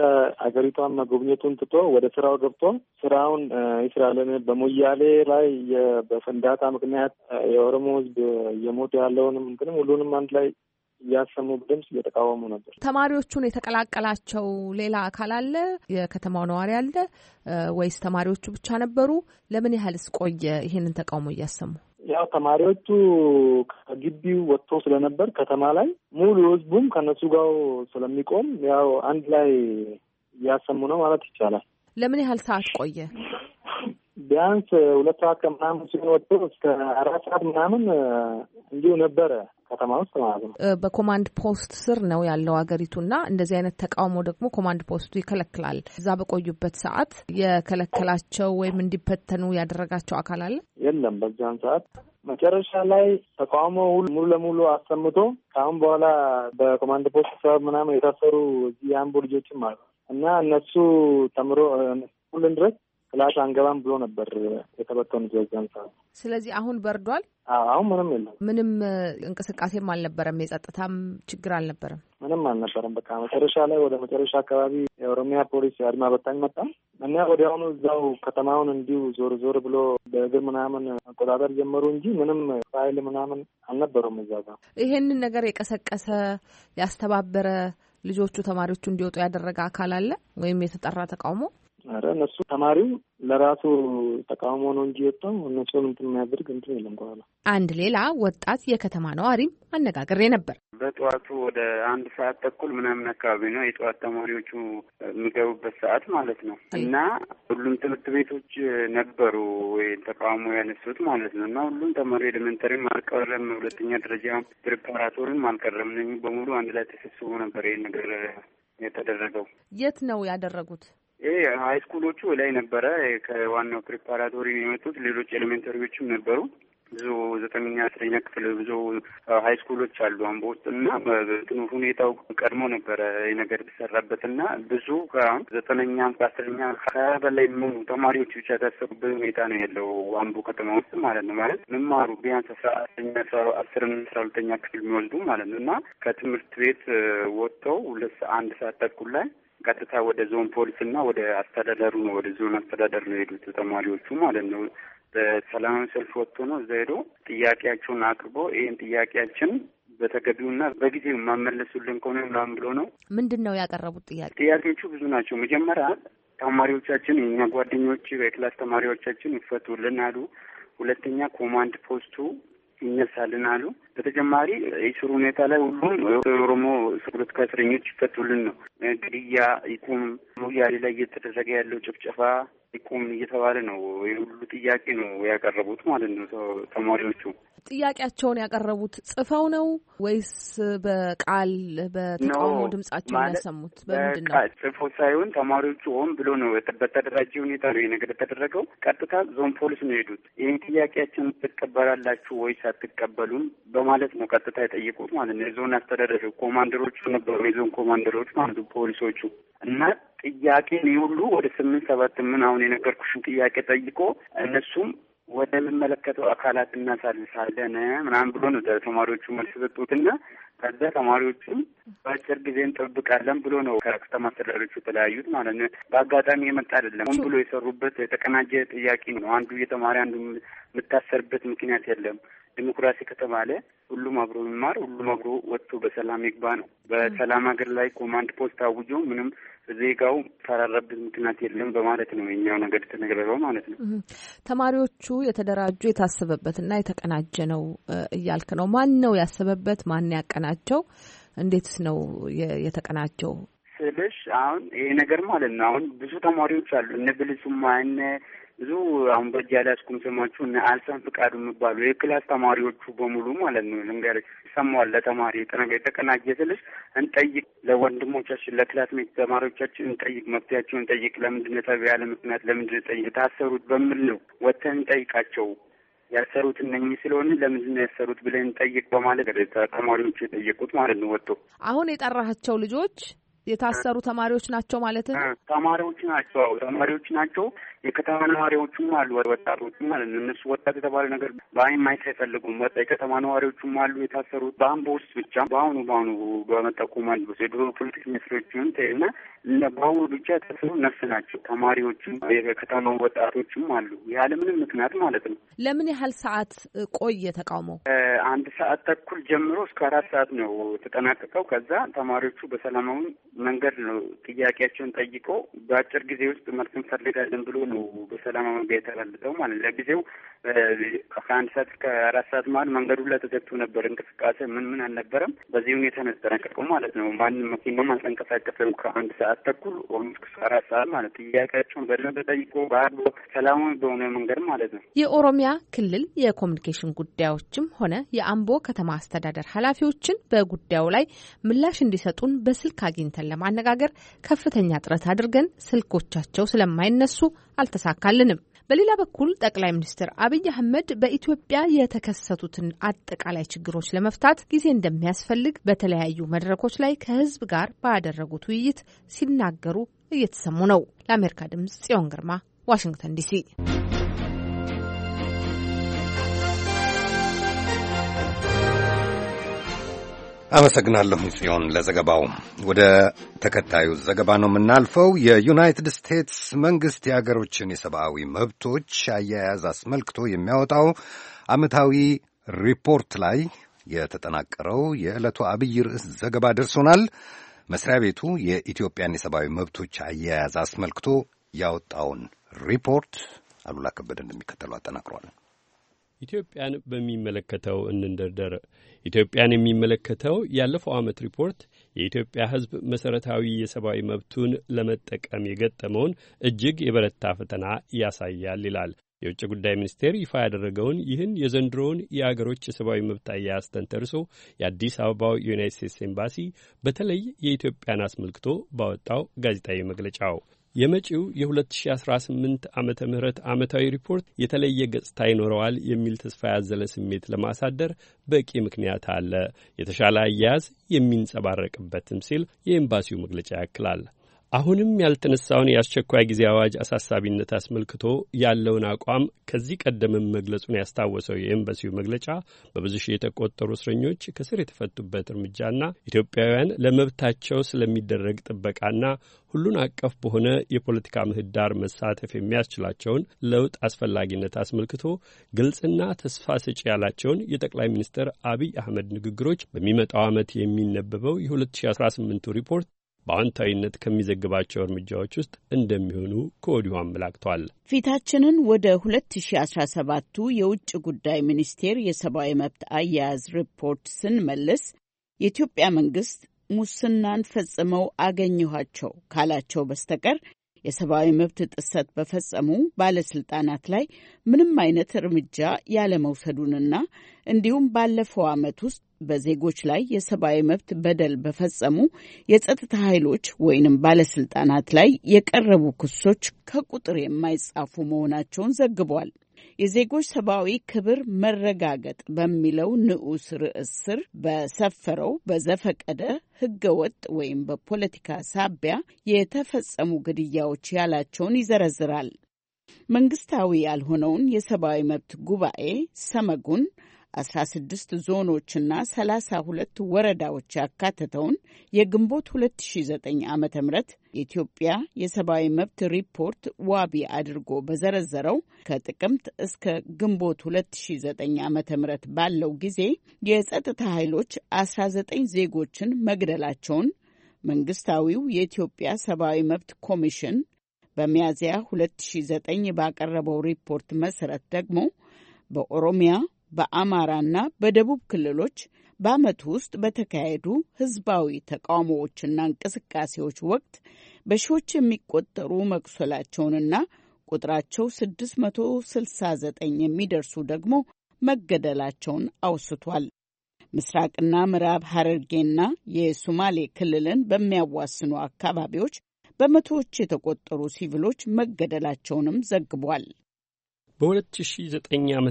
አገሪቷን መጎብኘቱን ትቶ ወደ ስራው ገብቶ ስራውን ይስራልን። በሞያሌ ላይ በፍንዳታ ምክንያት የኦሮሞ ህዝብ እየሞቱ ያለውንም እንትንም ሁሉንም አንድ ላይ እያሰሙ ድምጽ እየተቃወሙ ነበር። ተማሪዎቹን የተቀላቀላቸው ሌላ አካል አለ? የከተማው ነዋሪ አለ ወይስ ተማሪዎቹ ብቻ ነበሩ? ለምን ያህልስ ቆየ ይሄንን ተቃውሞ እያሰሙ? ያው ተማሪዎቹ ከግቢው ወጥቶ ስለነበር ከተማ ላይ ሙሉ ህዝቡም ከነሱ ጋር ስለሚቆም ያው አንድ ላይ እያሰሙ ነው ማለት ይቻላል። ለምን ያህል ሰዓት ቆየ? ቢያንስ ሁለት ሰዓት ከምናምን ሲሆን ወጥቶ እስከ አራት ሰዓት ምናምን እንዲሁ ነበረ ከተማ ውስጥ ማለት ነው። በኮማንድ ፖስት ስር ነው ያለው ሀገሪቱ እና እንደዚህ አይነት ተቃውሞ ደግሞ ኮማንድ ፖስቱ ይከለክላል። እዛ በቆዩበት ሰዓት የከለከላቸው ወይም እንዲፈተኑ ያደረጋቸው አካል አለ የለም? በዚያን ሰዓት መጨረሻ ላይ ተቃውሞ ሙሉ ለሙሉ አሰምቶ ከአሁን በኋላ በኮማንድ ፖስት ሰበብ ምናምን የታሰሩ የአምቦ ልጆችም አሉ እና እነሱ ተምሮ ሁሉን ድረስ ጥላት አንገባም ብሎ ነበር የተበተኑት በዛን ሰዓት። ስለዚህ አሁን በርዷል። አሁን ምንም የለም። ምንም እንቅስቃሴም አልነበረም። የጸጥታም ችግር አልነበረም። ምንም አልነበረም። በቃ መጨረሻ ላይ ወደ መጨረሻ አካባቢ የኦሮሚያ ፖሊስ አድማ በታኝ መጣም። እና ወዲያውኑ እዛው ከተማውን እንዲሁ ዞር ዞር ብሎ በእግር ምናምን መቆጣጠር ጀመሩ እንጂ ምንም ፋይል ምናምን አልነበረም እዛ ጋር። ይሄንን ነገር የቀሰቀሰ ያስተባበረ ልጆቹ ተማሪዎቹ እንዲወጡ ያደረገ አካል አለ ወይም የተጠራ ተቃውሞ ኧረ እነሱ ተማሪው ለራሱ ተቃውሞ ነው እንጂ የወጣው እነሱ ምንት የሚያደርግ እንትን የለም። በኋላ አንድ ሌላ ወጣት የከተማ ነዋሪም አነጋግሬ ነበር። በጠዋቱ ወደ አንድ ሰዓት ተኩል ምናምን አካባቢ ነው የጠዋት ተማሪዎቹ የሚገቡበት ሰዓት ማለት ነው። እና ሁሉም ትምህርት ቤቶች ነበሩ ወይ ተቃውሞ ያነሱት ማለት ነው። እና ሁሉም ተማሪ ኤሌመንተሪም አልቀረም፣ ሁለተኛ ደረጃ ፕሪፓራቶሪም አልቀረም። በሙሉ አንድ ላይ ተሰብስቦ ነበር ይህን ነገር የተደረገው። የት ነው ያደረጉት? ይሄ ሀይስኩሎቹ ላይ ነበረ። ከዋናው ፕሪፓራቶሪ የመጡት። ሌሎች ኤሌሜንተሪዎችም ነበሩ። ብዙ ዘጠነኛ አስረኛ ክፍል ብዙ ሀይ ስኩሎች አሉ አምቦ ውስጥ እና እንትኑ ሁኔታው ቀድሞ ነበረ ነገር የተሰራበት እና ብዙ አሁን ዘጠነኛ ከአስረኛ ከሀያ በላይ የሚሆኑ ተማሪዎች ብቻ ታሰሩበት ሁኔታ ነው ያለው አምቦ ከተማ ውስጥ ማለት ነው። ማለት መማሩ ቢያንስ አስራ አስረኛ አስርና አስራ ሁለተኛ ክፍል የሚወስዱ ማለት ነው እና ከትምህርት ቤት ወጥተው ሁለት አንድ ሰዓት ተኩል ላይ ቀጥታ ወደ ዞን ፖሊስና ወደ አስተዳደሩ ነው ወደ ዞን አስተዳደር ነው የሄዱት ተማሪዎቹ ማለት ነው። በሰላማዊ ሰልፍ ወጥቶ ነው እዛ ሄዶ ጥያቄያቸውን አቅርቦ ይህን ጥያቄያችን በተገቢውና በጊዜው የማመለሱልን ከሆነ ምናምን ብሎ ነው። ምንድን ነው ያቀረቡት ጥያቄ? ጥያቄዎቹ ብዙ ናቸው። መጀመሪያ ተማሪዎቻችን የኛ ጓደኞች የክላስ ተማሪዎቻችን ይፈቱልን አሉ። ሁለተኛ ኮማንድ ፖስቱ ይነሳልን አሉ። በተጨማሪ የእስር ሁኔታ ላይ ሁሉም የኦሮሞ ፖለቲካ እስረኞች ይፈቱልን ነው። ግድያ ይቁም፣ ሞያሌ ላይ እየተደረገ ያለው ጭፍጨፋ ቁም እየተባለ ነው የሁሉ ጥያቄ ነው ያቀረቡት ማለት ነው ተማሪዎቹ። ጥያቄያቸውን ያቀረቡት ጽፈው ነው ወይስ በቃል በተቃውሞ ድምጻቸው ያሰሙት? በምንድን ነው ጽፎ ሳይሆን ተማሪዎቹ ሆን ብሎ ነው በተደራጀ ሁኔታ ነው ነገር የተደረገው። ቀጥታ ዞን ፖሊስ ነው የሄዱት። ይህ ጥያቄያችን ትቀበላላችሁ ወይስ አትቀበሉም በማለት ነው ቀጥታ የጠየቁት ማለት ነው። የዞን አስተዳደር ኮማንደሮቹ ነበሩ፣ የዞን ኮማንደሮች ማለት ፖሊሶቹ እና ጥያቄ እኔ ሁሉ ወደ ስምንት ሰባት ምን አሁን የነገርኩሽን ጥያቄ ጠይቆ እነሱም ወደሚመለከተው አካላት እናሳልሳለን ምናምን ብሎ ነው ተማሪዎቹ መልስ ሰጡትና ከዛ ተማሪዎቹም በአጭር ጊዜ እንጠብቃለን ብሎ ነው ከከተማ አስተዳዳሪዎቹ የተለያዩት ማለት ነው። በአጋጣሚ የመጣ አይደለም። ሁን ብሎ የሰሩበት የተቀናጀ ጥያቄ ነው። አንዱ የተማሪ አንዱ የምታሰርበት ምክንያት የለም። ዲሞክራሲ ከተባለ ሁሉም አብሮ ይማር፣ ሁሉም አብሮ ወጥቶ በሰላም ይግባ ነው። በሰላም ሀገር ላይ ኮማንድ ፖስት አውጆ ምንም ዜጋው ፈራረብት ምክንያት የለም በማለት ነው የኛው ነገር የተነገረው ማለት ነው። ተማሪዎቹ የተደራጁ የታሰበበትና የተቀናጀ ነው እያልክ ነው። ማን ነው ያሰበበት? ማን ያቀናቸው? እንዴትስ ነው የተቀናጀው ስልሽ አሁን ይሄ ነገር ማለት ነው። አሁን ብዙ ተማሪዎች አሉ እነ ብልጹማ እነ ብዙ አሁን በእጅ ያልያዝኩም ስማችሁ እነ አልሳን ፍቃዱ የሚባሉ የክላስ ተማሪዎቹ በሙሉ ማለት ነው ልንገርሽ ይሰማዋል። ለተማሪ የተቀናጀ ስልሽ እንጠይቅ፣ ለወንድሞቻችን ለክላስሜት ተማሪዎቻችን እንጠይቅ፣ መፍትያቸውን እንጠይቅ። ለምንድን ተብ ያለ ምክንያት ጠይቅ የታሰሩት በምን ነው ወጥተን እንጠይቃቸው ያሰሩት እነኚህ ስለሆነ ለምንድነው ያሰሩት ብለን እንጠይቅ በማለት ተማሪዎቹ የጠየቁት ማለት ነው። ወጥቶ አሁን የጠራቸው ልጆች የታሰሩ ተማሪዎች ናቸው ማለት ነው። ተማሪዎች ናቸው። ተማሪዎች ናቸው። የከተማ ነዋሪዎቹም አሉ ወጣቶች ማለት ነው። እነሱ ወጣት የተባለ ነገር በአይን ማየት አይፈልጉም። ወጣ የከተማ ነዋሪዎቹም አሉ የታሰሩት በአምቦ ውስጥ ብቻ በአሁኑ በአሁኑ በመጠቆም አሉ የድሮ ፖለቲክ ሚኒስትሮችን እና በአሁኑ ብቻ የታሰሩ ነፍስ ናቸው። ተማሪዎችም የከተማ ወጣቶችም አሉ ያለምንም ምክንያት ማለት ነው። ለምን ያህል ሰዓት ቆየ ተቃውሞ? አንድ ሰዓት ተኩል ጀምሮ እስከ አራት ሰዓት ነው የተጠናቀቀው። ከዛ ተማሪዎቹ በሰላማዊ መንገድ ነው ጥያቄያቸውን ጠይቀው በአጭር ጊዜ ውስጥ መልስ እንፈልጋለን ብሎ ሙሉ በሰላማዊ መንገድ የተላለፈው ማለት ለጊዜው ከአንድ አንድ ሰዓት ከአራት ሰዓት መሀል መንገዱ ላይ ተዘግቶ ነበር። እንቅስቃሴ ምን ምን አልነበረም። በዚህ ሁኔታ ነው የተጠነቀቀው ማለት ነው። ማንም መኪናም አልተንቀሳቀሰም ከአንድ ሰዓት ተኩል ኦልሞስት እስከ አራት ሰዓት ማለት ጥያቄያቸውን በደንብ ተጠይቆ በአንድ ወቅት ሰላማዊ በሆነ መንገድ ማለት ነው። የኦሮሚያ ክልል የኮሚኒኬሽን ጉዳዮችም ሆነ የአምቦ ከተማ አስተዳደር ኃላፊዎችን በጉዳዩ ላይ ምላሽ እንዲሰጡን በስልክ አግኝተን ለማነጋገር ከፍተኛ ጥረት አድርገን ስልኮቻቸው ስለማይነሱ አልተሳካልንም። በሌላ በኩል ጠቅላይ ሚኒስትር አብይ አህመድ በኢትዮጵያ የተከሰቱትን አጠቃላይ ችግሮች ለመፍታት ጊዜ እንደሚያስፈልግ በተለያዩ መድረኮች ላይ ከህዝብ ጋር ባደረጉት ውይይት ሲናገሩ እየተሰሙ ነው። ለአሜሪካ ድምጽ ጽዮን ግርማ ዋሽንግተን ዲሲ አመሰግናለሁ ጽዮን ለዘገባው። ወደ ተከታዩ ዘገባ ነው የምናልፈው። የዩናይትድ ስቴትስ መንግሥት የአገሮችን የሰብአዊ መብቶች አያያዝ አስመልክቶ የሚያወጣው ዓመታዊ ሪፖርት ላይ የተጠናቀረው የዕለቱ አብይ ርዕስ ዘገባ ደርሶናል። መስሪያ ቤቱ የኢትዮጵያን የሰብአዊ መብቶች አያያዝ አስመልክቶ ያወጣውን ሪፖርት አሉላ ከበደ እንደሚከተለው አጠናቅሯል። ኢትዮጵያን በሚመለከተው እንንደርደር። ኢትዮጵያን የሚመለከተው ያለፈው ዓመት ሪፖርት የኢትዮጵያ ሕዝብ መሠረታዊ የሰብአዊ መብቱን ለመጠቀም የገጠመውን እጅግ የበረታ ፈተና ያሳያል ይላል። የውጭ ጉዳይ ሚኒስቴር ይፋ ያደረገውን ይህን የዘንድሮውን የአገሮች የሰብአዊ መብት አያያዝ ተንተርሶ የአዲስ አበባው የዩናይት ስቴትስ ኤምባሲ በተለይ የኢትዮጵያን አስመልክቶ ባወጣው ጋዜጣዊ መግለጫው የመጪው የ2018 ዓመተ ምህረት ዓመታዊ ሪፖርት የተለየ ገጽታ ይኖረዋል የሚል ተስፋ ያዘለ ስሜት ለማሳደር በቂ ምክንያት አለ፣ የተሻለ አያያዝ የሚንጸባረቅበትም ሲል የኤምባሲው መግለጫ ያክላል። አሁንም ያልተነሳውን የአስቸኳይ ጊዜ አዋጅ አሳሳቢነት አስመልክቶ ያለውን አቋም ከዚህ ቀደምም መግለጹን ያስታወሰው የኤምባሲው መግለጫ በብዙ ሺህ የተቆጠሩ እስረኞች ከስር የተፈቱበት እርምጃና ኢትዮጵያውያን ለመብታቸው ስለሚደረግ ጥበቃና ሁሉን አቀፍ በሆነ የፖለቲካ ምህዳር መሳተፍ የሚያስችላቸውን ለውጥ አስፈላጊነት አስመልክቶ ግልጽና ተስፋ ሰጪ ያላቸውን የጠቅላይ ሚኒስትር አብይ አህመድ ንግግሮች በሚመጣው ዓመት የሚነበበው የ2018ቱ ሪፖርት በአዎንታዊነት ከሚዘግባቸው እርምጃዎች ውስጥ እንደሚሆኑ ከወዲሁ አመላክቷል። ፊታችንን ወደ 2017ቱ የውጭ ጉዳይ ሚኒስቴር የሰብአዊ መብት አያያዝ ሪፖርት ስንመልስ የኢትዮጵያ መንግስት ሙስናን ፈጽመው አገኘኋቸው ካላቸው በስተቀር የሰብአዊ መብት ጥሰት በፈጸሙ ባለስልጣናት ላይ ምንም አይነት እርምጃ ያለመውሰዱንና እንዲሁም ባለፈው ዓመት ውስጥ በዜጎች ላይ የሰብአዊ መብት በደል በፈጸሙ የጸጥታ ኃይሎች ወይንም ባለስልጣናት ላይ የቀረቡ ክሶች ከቁጥር የማይጻፉ መሆናቸውን ዘግቧል። የዜጎች ሰብአዊ ክብር መረጋገጥ በሚለው ንዑስ ርዕስ ስር በሰፈረው በዘፈቀደ ህገወጥ ወይም በፖለቲካ ሳቢያ የተፈጸሙ ግድያዎች ያላቸውን ይዘረዝራል። መንግስታዊ ያልሆነውን የሰብአዊ መብት ጉባኤ ሰመጉን 16 ዞኖችና 32 ወረዳዎች ያካተተውን የግንቦት 2009 ዓ ም የኢትዮጵያ የሰብአዊ መብት ሪፖርት ዋቢ አድርጎ በዘረዘረው ከጥቅምት እስከ ግንቦት 2009 ዓ ም ባለው ጊዜ የጸጥታ ኃይሎች 19 ዜጎችን መግደላቸውን መንግስታዊው የኢትዮጵያ ሰብአዊ መብት ኮሚሽን በሚያዝያ 2009 ባቀረበው ሪፖርት መሰረት ደግሞ በኦሮሚያ በአማራና በደቡብ ክልሎች በዓመቱ ውስጥ በተካሄዱ ህዝባዊ ተቃውሞዎችና እንቅስቃሴዎች ወቅት በሺዎች የሚቆጠሩ መቁሰላቸውንና ቁጥራቸው 669 የሚደርሱ ደግሞ መገደላቸውን አውስቷል። ምስራቅና ምዕራብ ሐረርጌና የሱማሌ ክልልን በሚያዋስኑ አካባቢዎች በመቶዎች የተቆጠሩ ሲቪሎች መገደላቸውንም ዘግቧል። በ2009 ዓ ም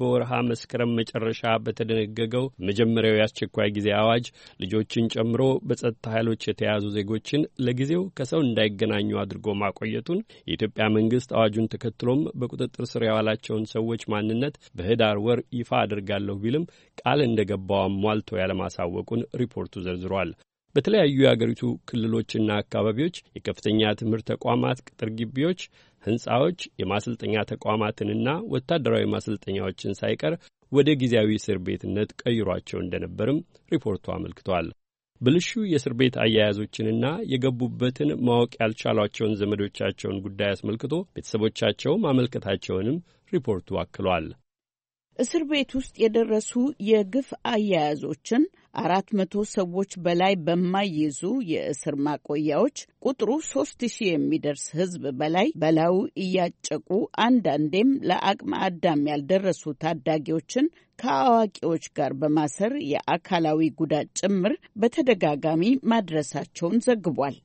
በወርሃ መስከረም መጨረሻ በተደነገገው መጀመሪያው የአስቸኳይ ጊዜ አዋጅ ልጆችን ጨምሮ በጸጥታ ኃይሎች የተያዙ ዜጎችን ለጊዜው ከሰው እንዳይገናኙ አድርጎ ማቆየቱን የኢትዮጵያ መንግስት አዋጁን ተከትሎም በቁጥጥር ስር ያዋላቸውን ሰዎች ማንነት በህዳር ወር ይፋ አድርጋለሁ ቢልም ቃል እንደገባው አሟልቶ ያለማሳወቁን ሪፖርቱ ዘርዝሯል። በተለያዩ የአገሪቱ ክልሎችና አካባቢዎች የከፍተኛ ትምህርት ተቋማት ቅጥር ግቢዎች ህንፃዎች የማሰልጠኛ ተቋማትንና ወታደራዊ ማሰልጠኛዎችን ሳይቀር ወደ ጊዜያዊ እስር ቤትነት ቀይሯቸው እንደነበርም ሪፖርቱ አመልክቷል። ብልሹ የእስር ቤት አያያዞችንና የገቡበትን ማወቅ ያልቻሏቸውን ዘመዶቻቸውን ጉዳይ አስመልክቶ ቤተሰቦቻቸው ማመልከታቸውንም ሪፖርቱ አክሏል። እስር ቤት ውስጥ የደረሱ የግፍ አያያዞችን አራት መቶ ሰዎች በላይ በማይይዙ የእስር ማቆያዎች ቁጥሩ ሶስት ሺህ የሚደርስ ህዝብ በላይ በላዩ እያጨቁ አንዳንዴም ለአቅመ አዳም ያልደረሱ ታዳጊዎችን ከአዋቂዎች ጋር በማሰር የአካላዊ ጉዳት ጭምር በተደጋጋሚ ማድረሳቸውን ዘግቧል።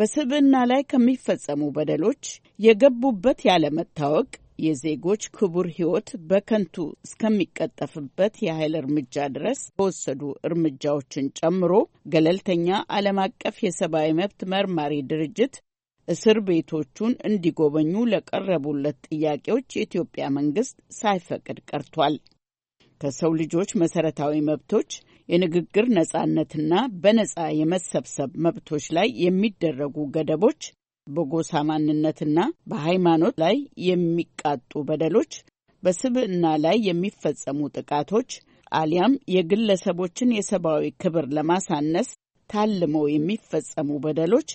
በስብዕና ላይ ከሚፈጸሙ በደሎች የገቡበት ያለመታወቅ የዜጎች ክቡር ሕይወት በከንቱ እስከሚቀጠፍበት የኃይል እርምጃ ድረስ በወሰዱ እርምጃዎችን ጨምሮ ገለልተኛ ዓለም አቀፍ የሰብአዊ መብት መርማሪ ድርጅት እስር ቤቶቹን እንዲጎበኙ ለቀረቡለት ጥያቄዎች የኢትዮጵያ መንግስት ሳይፈቅድ ቀርቷል። ከሰው ልጆች መሰረታዊ መብቶች የንግግር ነጻነትና በነጻ የመሰብሰብ መብቶች ላይ የሚደረጉ ገደቦች በጎሳ ማንነትና በሃይማኖት ላይ የሚቃጡ በደሎች፣ በስብዕና ላይ የሚፈጸሙ ጥቃቶች አሊያም የግለሰቦችን የሰብአዊ ክብር ለማሳነስ ታልመው የሚፈጸሙ በደሎች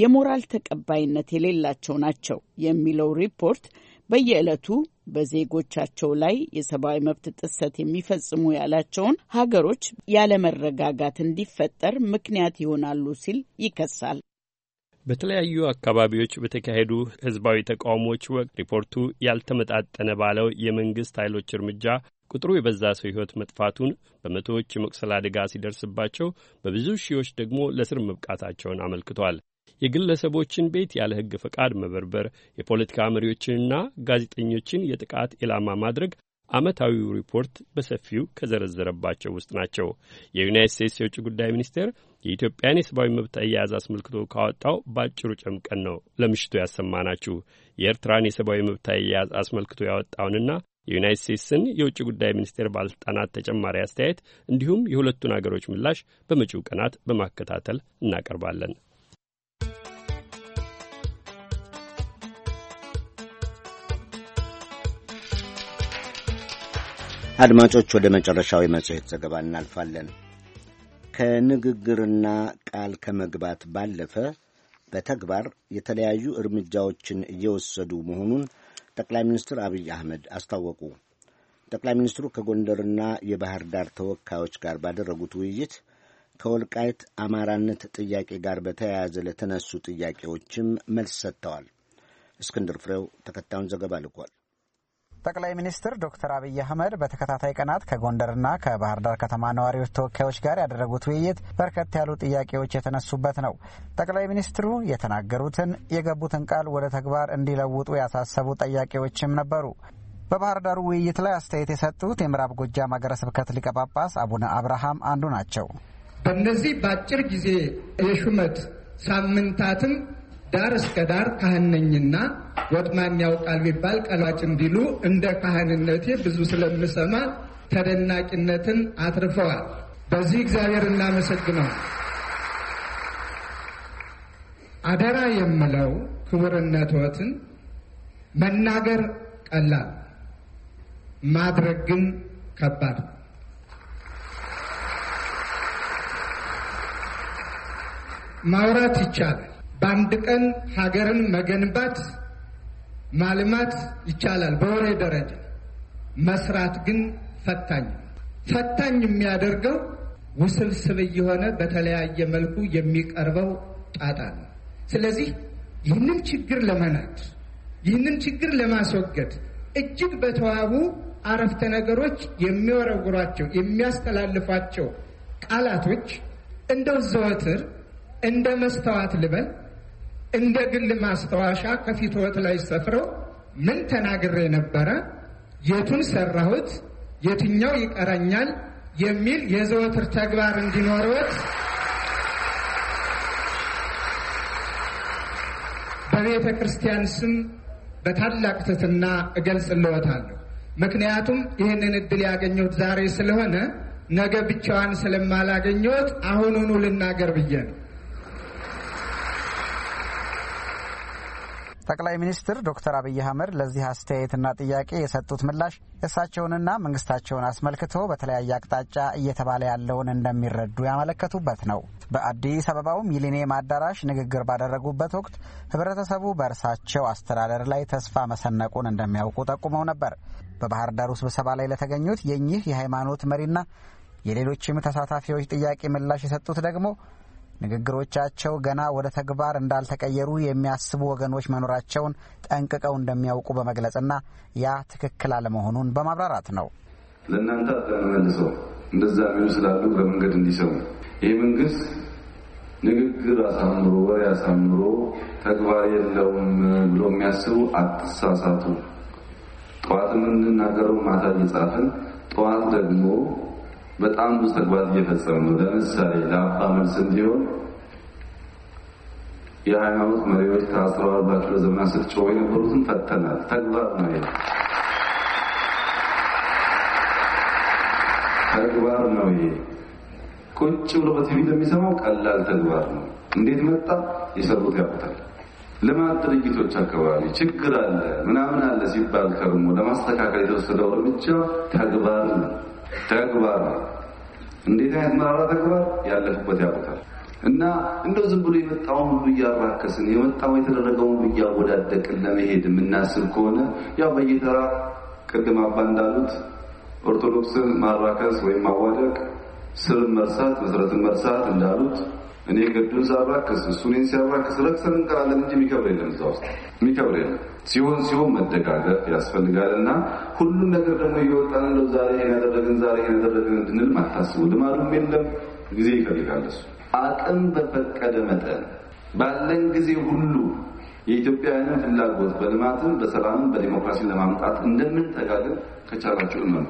የሞራል ተቀባይነት የሌላቸው ናቸው የሚለው ሪፖርት በየዕለቱ በዜጎቻቸው ላይ የሰብአዊ መብት ጥሰት የሚፈጽሙ ያላቸውን ሀገሮች ያለመረጋጋት እንዲፈጠር ምክንያት ይሆናሉ ሲል ይከሳል። በተለያዩ አካባቢዎች በተካሄዱ ህዝባዊ ተቃውሞዎች ወቅት ሪፖርቱ ያልተመጣጠነ ባለው የመንግስት ኃይሎች እርምጃ ቁጥሩ የበዛ ሰው ህይወት መጥፋቱን በመቶዎች የመቁሰል አደጋ ሲደርስባቸው በብዙ ሺዎች ደግሞ ለስር መብቃታቸውን አመልክቷል። የግለሰቦችን ቤት ያለ ህግ ፈቃድ መበርበር፣ የፖለቲካ መሪዎችንና ጋዜጠኞችን የጥቃት ኢላማ ማድረግ አመታዊው ሪፖርት በሰፊው ከዘረዘረባቸው ውስጥ ናቸው። የዩናይት ስቴትስ የውጭ ጉዳይ ሚኒስቴር የኢትዮጵያን የሰብአዊ መብት አያያዝ አስመልክቶ ካወጣው በአጭሩ ጨምቀን ነው ለምሽቱ ያሰማናችሁ። የኤርትራን የሰብአዊ መብት አያያዝ አስመልክቶ ያወጣውንና የዩናይት ስቴትስን የውጭ ጉዳይ ሚኒስቴር ባለስልጣናት ተጨማሪ አስተያየት እንዲሁም የሁለቱን አገሮች ምላሽ በመጪው ቀናት በማከታተል እናቀርባለን። አድማጮች ወደ መጨረሻዊ መጽሔት ዘገባ እናልፋለን። ከንግግርና ቃል ከመግባት ባለፈ በተግባር የተለያዩ እርምጃዎችን እየወሰዱ መሆኑን ጠቅላይ ሚኒስትር አብይ አህመድ አስታወቁ። ጠቅላይ ሚኒስትሩ ከጎንደርና የባህር ዳር ተወካዮች ጋር ባደረጉት ውይይት ከወልቃይት አማራነት ጥያቄ ጋር በተያያዘ ለተነሱ ጥያቄዎችም መልስ ሰጥተዋል። እስክንድር ፍሬው ተከታዩን ዘገባ ልኳል። ጠቅላይ ሚኒስትር ዶክተር አብይ አህመድ በተከታታይ ቀናት ከጎንደርና ከባህር ዳር ከተማ ነዋሪዎች ተወካዮች ጋር ያደረጉት ውይይት በርከት ያሉ ጥያቄዎች የተነሱበት ነው። ጠቅላይ ሚኒስትሩ የተናገሩትን የገቡትን ቃል ወደ ተግባር እንዲለውጡ ያሳሰቡ ጥያቄዎችም ነበሩ። በባህር ዳሩ ውይይት ላይ አስተያየት የሰጡት የምዕራብ ጎጃም ሀገረ ስብከት ሊቀ ጳጳስ አቡነ አብርሃም አንዱ ናቸው። በእነዚህ በአጭር ጊዜ የሹመት ሳምንታትም ዳር እስከ ዳር ካህን ነኝና ወጥ ማን ያውቃል ቢባል ቀላጭ እንዲሉ እንደ ካህንነቴ ብዙ ስለምሰማ ተደናቂነትን አትርፈዋል። በዚህ እግዚአብሔር እናመሰግነው። አደራ የምለው ክቡርነትዎትን መናገር ቀላል፣ ማድረግ ግን ከባድ። ማውራት ይቻላል በአንድ ቀን ሀገርን መገንባት ማልማት ይቻላል። በወሬ ደረጃ መስራት ግን ፈታኝ ፈታኝ የሚያደርገው ውስብስብ እየሆነ በተለያየ መልኩ የሚቀርበው ጣጣ ነው። ስለዚህ ይህንን ችግር ለመናድ ይህንን ችግር ለማስወገድ እጅግ በተዋቡ አረፍተ ነገሮች የሚወረውሯቸው የሚያስተላልፏቸው ቃላቶች እንደው ዘወትር እንደ መስተዋት ልበል እንደ ግል ማስታወሻ ከፊትወት ላይ ሰፍረው ምን ተናግሬ ነበረ፣ የቱን ሰራሁት፣ የትኛው ይቀረኛል የሚል የዘወትር ተግባር እንዲኖረዎት በቤተ ክርስቲያን ስም በታላቅ ትሕትና እገልጽልዎታለሁ። ምክንያቱም ይህንን እድል ያገኘሁት ዛሬ ስለሆነ ነገ ብቻዋን ስለማላገኘሁት አሁኑኑ ልናገር ብዬ ነው። ጠቅላይ ሚኒስትር ዶክተር አብይ አህመድ ለዚህ አስተያየትና ጥያቄ የሰጡት ምላሽ እሳቸውንና መንግስታቸውን አስመልክቶ በተለያየ አቅጣጫ እየተባለ ያለውን እንደሚረዱ ያመለከቱበት ነው። በአዲስ አበባው ሚሊኒየም አዳራሽ ንግግር ባደረጉበት ወቅት ህብረተሰቡ በእርሳቸው አስተዳደር ላይ ተስፋ መሰነቁን እንደሚያውቁ ጠቁመው ነበር። በባህር ዳሩ ስብሰባ ላይ ለተገኙት የእኚህ የሃይማኖት መሪና የሌሎችም ተሳታፊዎች ጥያቄ ምላሽ የሰጡት ደግሞ ንግግሮቻቸው ገና ወደ ተግባር እንዳልተቀየሩ የሚያስቡ ወገኖች መኖራቸውን ጠንቅቀው እንደሚያውቁ በመግለጽና ያ ትክክል አለመሆኑን በማብራራት ነው። ለእናንተ አታመልሰው እንደዛ ሚሉ ስላሉ በመንገድ እንዲሰሙ ይህ መንግስት ንግግር አሳምሮ ወሬ አሳምሮ ተግባር የለውም ብሎ የሚያስቡ አትሳሳቱ። ጠዋት የምንናገረው ማታ እየጻፍን ጠዋት ደግሞ በጣም ብዙ ተግባር እየፈጸመ ነው። ለምሳሌ ለአባ መልስ እንዲሆን የሃይማኖት መሪዎች ታስረዋል ብላችሁ ለዘመናት ስትጮሁ የነበሩትን ፈተናል። ተግባር ነው ይሄ ተግባር ነው ይሄ። ቁጭ ብሎ በቲቪ ለሚሰማው ቀላል ተግባር ነው። እንዴት መጣ? የሰሩት ያውቁታል። ልማት ድርጊቶች አካባቢ ችግር አለ ምናምን አለ ሲባል ከርሞ ለማስተካከል የተወሰደው እርምጃ ተግባር ነው። ተግባር ነው። እንዴት አይነት መራራ ተግባር ያለፍበት ያውቃል። እና እንደው ዝም ብሎ የመጣውን ሁሉ እያራከስን የመጣው የተደረገውን ሁሉ እያወዳደቅን ለመሄድ የምናስብ ከሆነ ያው በየተራ ቅድም አባ እንዳሉት ኦርቶዶክስን ማራከስ ወይም ማዋደቅ ስርን መርሳት መሰረትን መርሳት እንዳሉት እኔ ግድን ሳባክስ እሱ እኔን ሲያባክስ ረክሰን እንቀራለን እንጂ የሚከብር የለም እዛ ውስጥ የሚከብር የለም። ሲሆን ሲሆን መደጋገፍ ያስፈልጋል እና ሁሉም ነገር ደግሞ እየወጣን እንደው ዛሬ ይሄን ያደረግን ዛሬ ይሄን ያደረግን እንድንል ማታስቡ ልማዱም የለም ጊዜ ይፈልጋል። እሱ አቅም በፈቀደ መጠን ባለን ጊዜ ሁሉ የኢትዮጵያውያንን ፍላጎት በልማትም በሰላምም በዲሞክራሲ ለማምጣት እንደምንጠጋግን ከቻላችሁ እመኑ።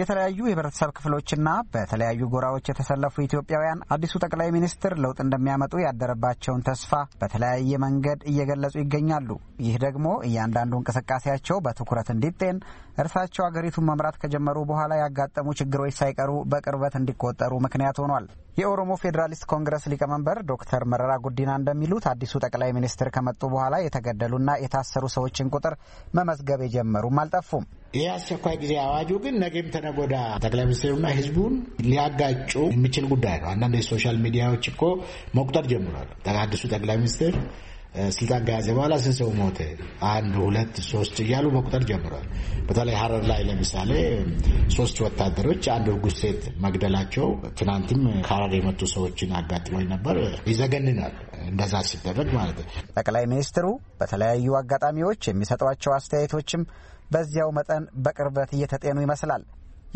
የተለያዩ የህብረተሰብ ክፍሎችና በተለያዩ ጎራዎች የተሰለፉ ኢትዮጵያውያን አዲሱ ጠቅላይ ሚኒስትር ለውጥ እንደሚያመጡ ያደረባቸውን ተስፋ በተለያየ መንገድ እየገለጹ ይገኛሉ። ይህ ደግሞ እያንዳንዱ እንቅስቃሴያቸው በትኩረት እንዲጤን፣ እርሳቸው አገሪቱን መምራት ከጀመሩ በኋላ ያጋጠሙ ችግሮች ሳይቀሩ በቅርበት እንዲቆጠሩ ምክንያት ሆኗል። የኦሮሞ ፌዴራሊስት ኮንግረስ ሊቀመንበር ዶክተር መረራ ጉዲና እንደሚሉት አዲሱ ጠቅላይ ሚኒስትር ከመጡ በኋላ የተገደሉና የታሰሩ ሰዎችን ቁጥር መመዝገብ የጀመሩም አልጠፉም። ይህ አስቸኳይ ጊዜ አዋጁ ግን ነገም ተነጎዳ ጠቅላይ ሚኒስትሩና ህዝቡን ሊያጋጩ የሚችል ጉዳይ ነው። አንዳንድ የሶሻል ሚዲያዎች እኮ መቁጠር ጀምሯል። አዲሱ ጠቅላይ ሚኒስትር ስልጣን ከያዘ በኋላ ስንት ሰው ሞተ፣ አንድ ሁለት ሶስት እያሉ መቁጠር ጀምሯል። በተለይ ሀረር ላይ ለምሳሌ ሶስት ወታደሮች አንድ እርጉዝ ሴት መግደላቸው ትናንትም ከሀረር የመጡ ሰዎችን አጋጥሞኝ ነበር። ይዘገንናል እንደዛ ሲደረግ ማለት ነው። ጠቅላይ ሚኒስትሩ በተለያዩ አጋጣሚዎች የሚሰጧቸው አስተያየቶችም በዚያው መጠን በቅርበት እየተጤኑ ይመስላል።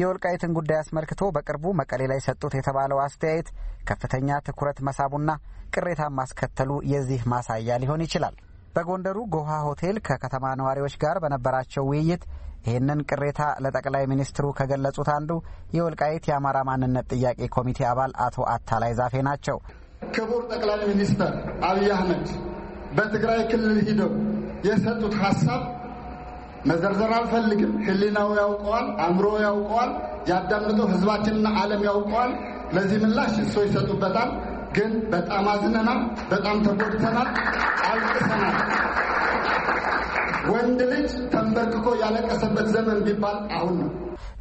የወልቃይትን ጉዳይ አስመልክቶ በቅርቡ መቀሌ ላይ ሰጡት የተባለው አስተያየት ከፍተኛ ትኩረት መሳቡና ቅሬታ ማስከተሉ የዚህ ማሳያ ሊሆን ይችላል። በጎንደሩ ጎሃ ሆቴል ከከተማ ነዋሪዎች ጋር በነበራቸው ውይይት ይህንን ቅሬታ ለጠቅላይ ሚኒስትሩ ከገለጹት አንዱ የወልቃይት የአማራ ማንነት ጥያቄ ኮሚቴ አባል አቶ አታላይ ዛፌ ናቸው። ክቡር ጠቅላይ ሚኒስትር አብይ አህመድ በትግራይ ክልል ሂደው የሰጡት ሀሳብ መዘርዘር አልፈልግም። ህሊናው ያውቀዋል፣ አእምሮ ያውቀዋል፣ ያዳምጠው ህዝባችንና ዓለም ያውቀዋል። ለዚህ ምላሽ እሶ ይሰጡበታል። ግን በጣም አዝነናል፣ በጣም ተጎድተናል፣ አልቅሰናል። ወንድ ልጅ ተንበርክኮ ያለቀሰበት ዘመን ቢባል አሁን ነው።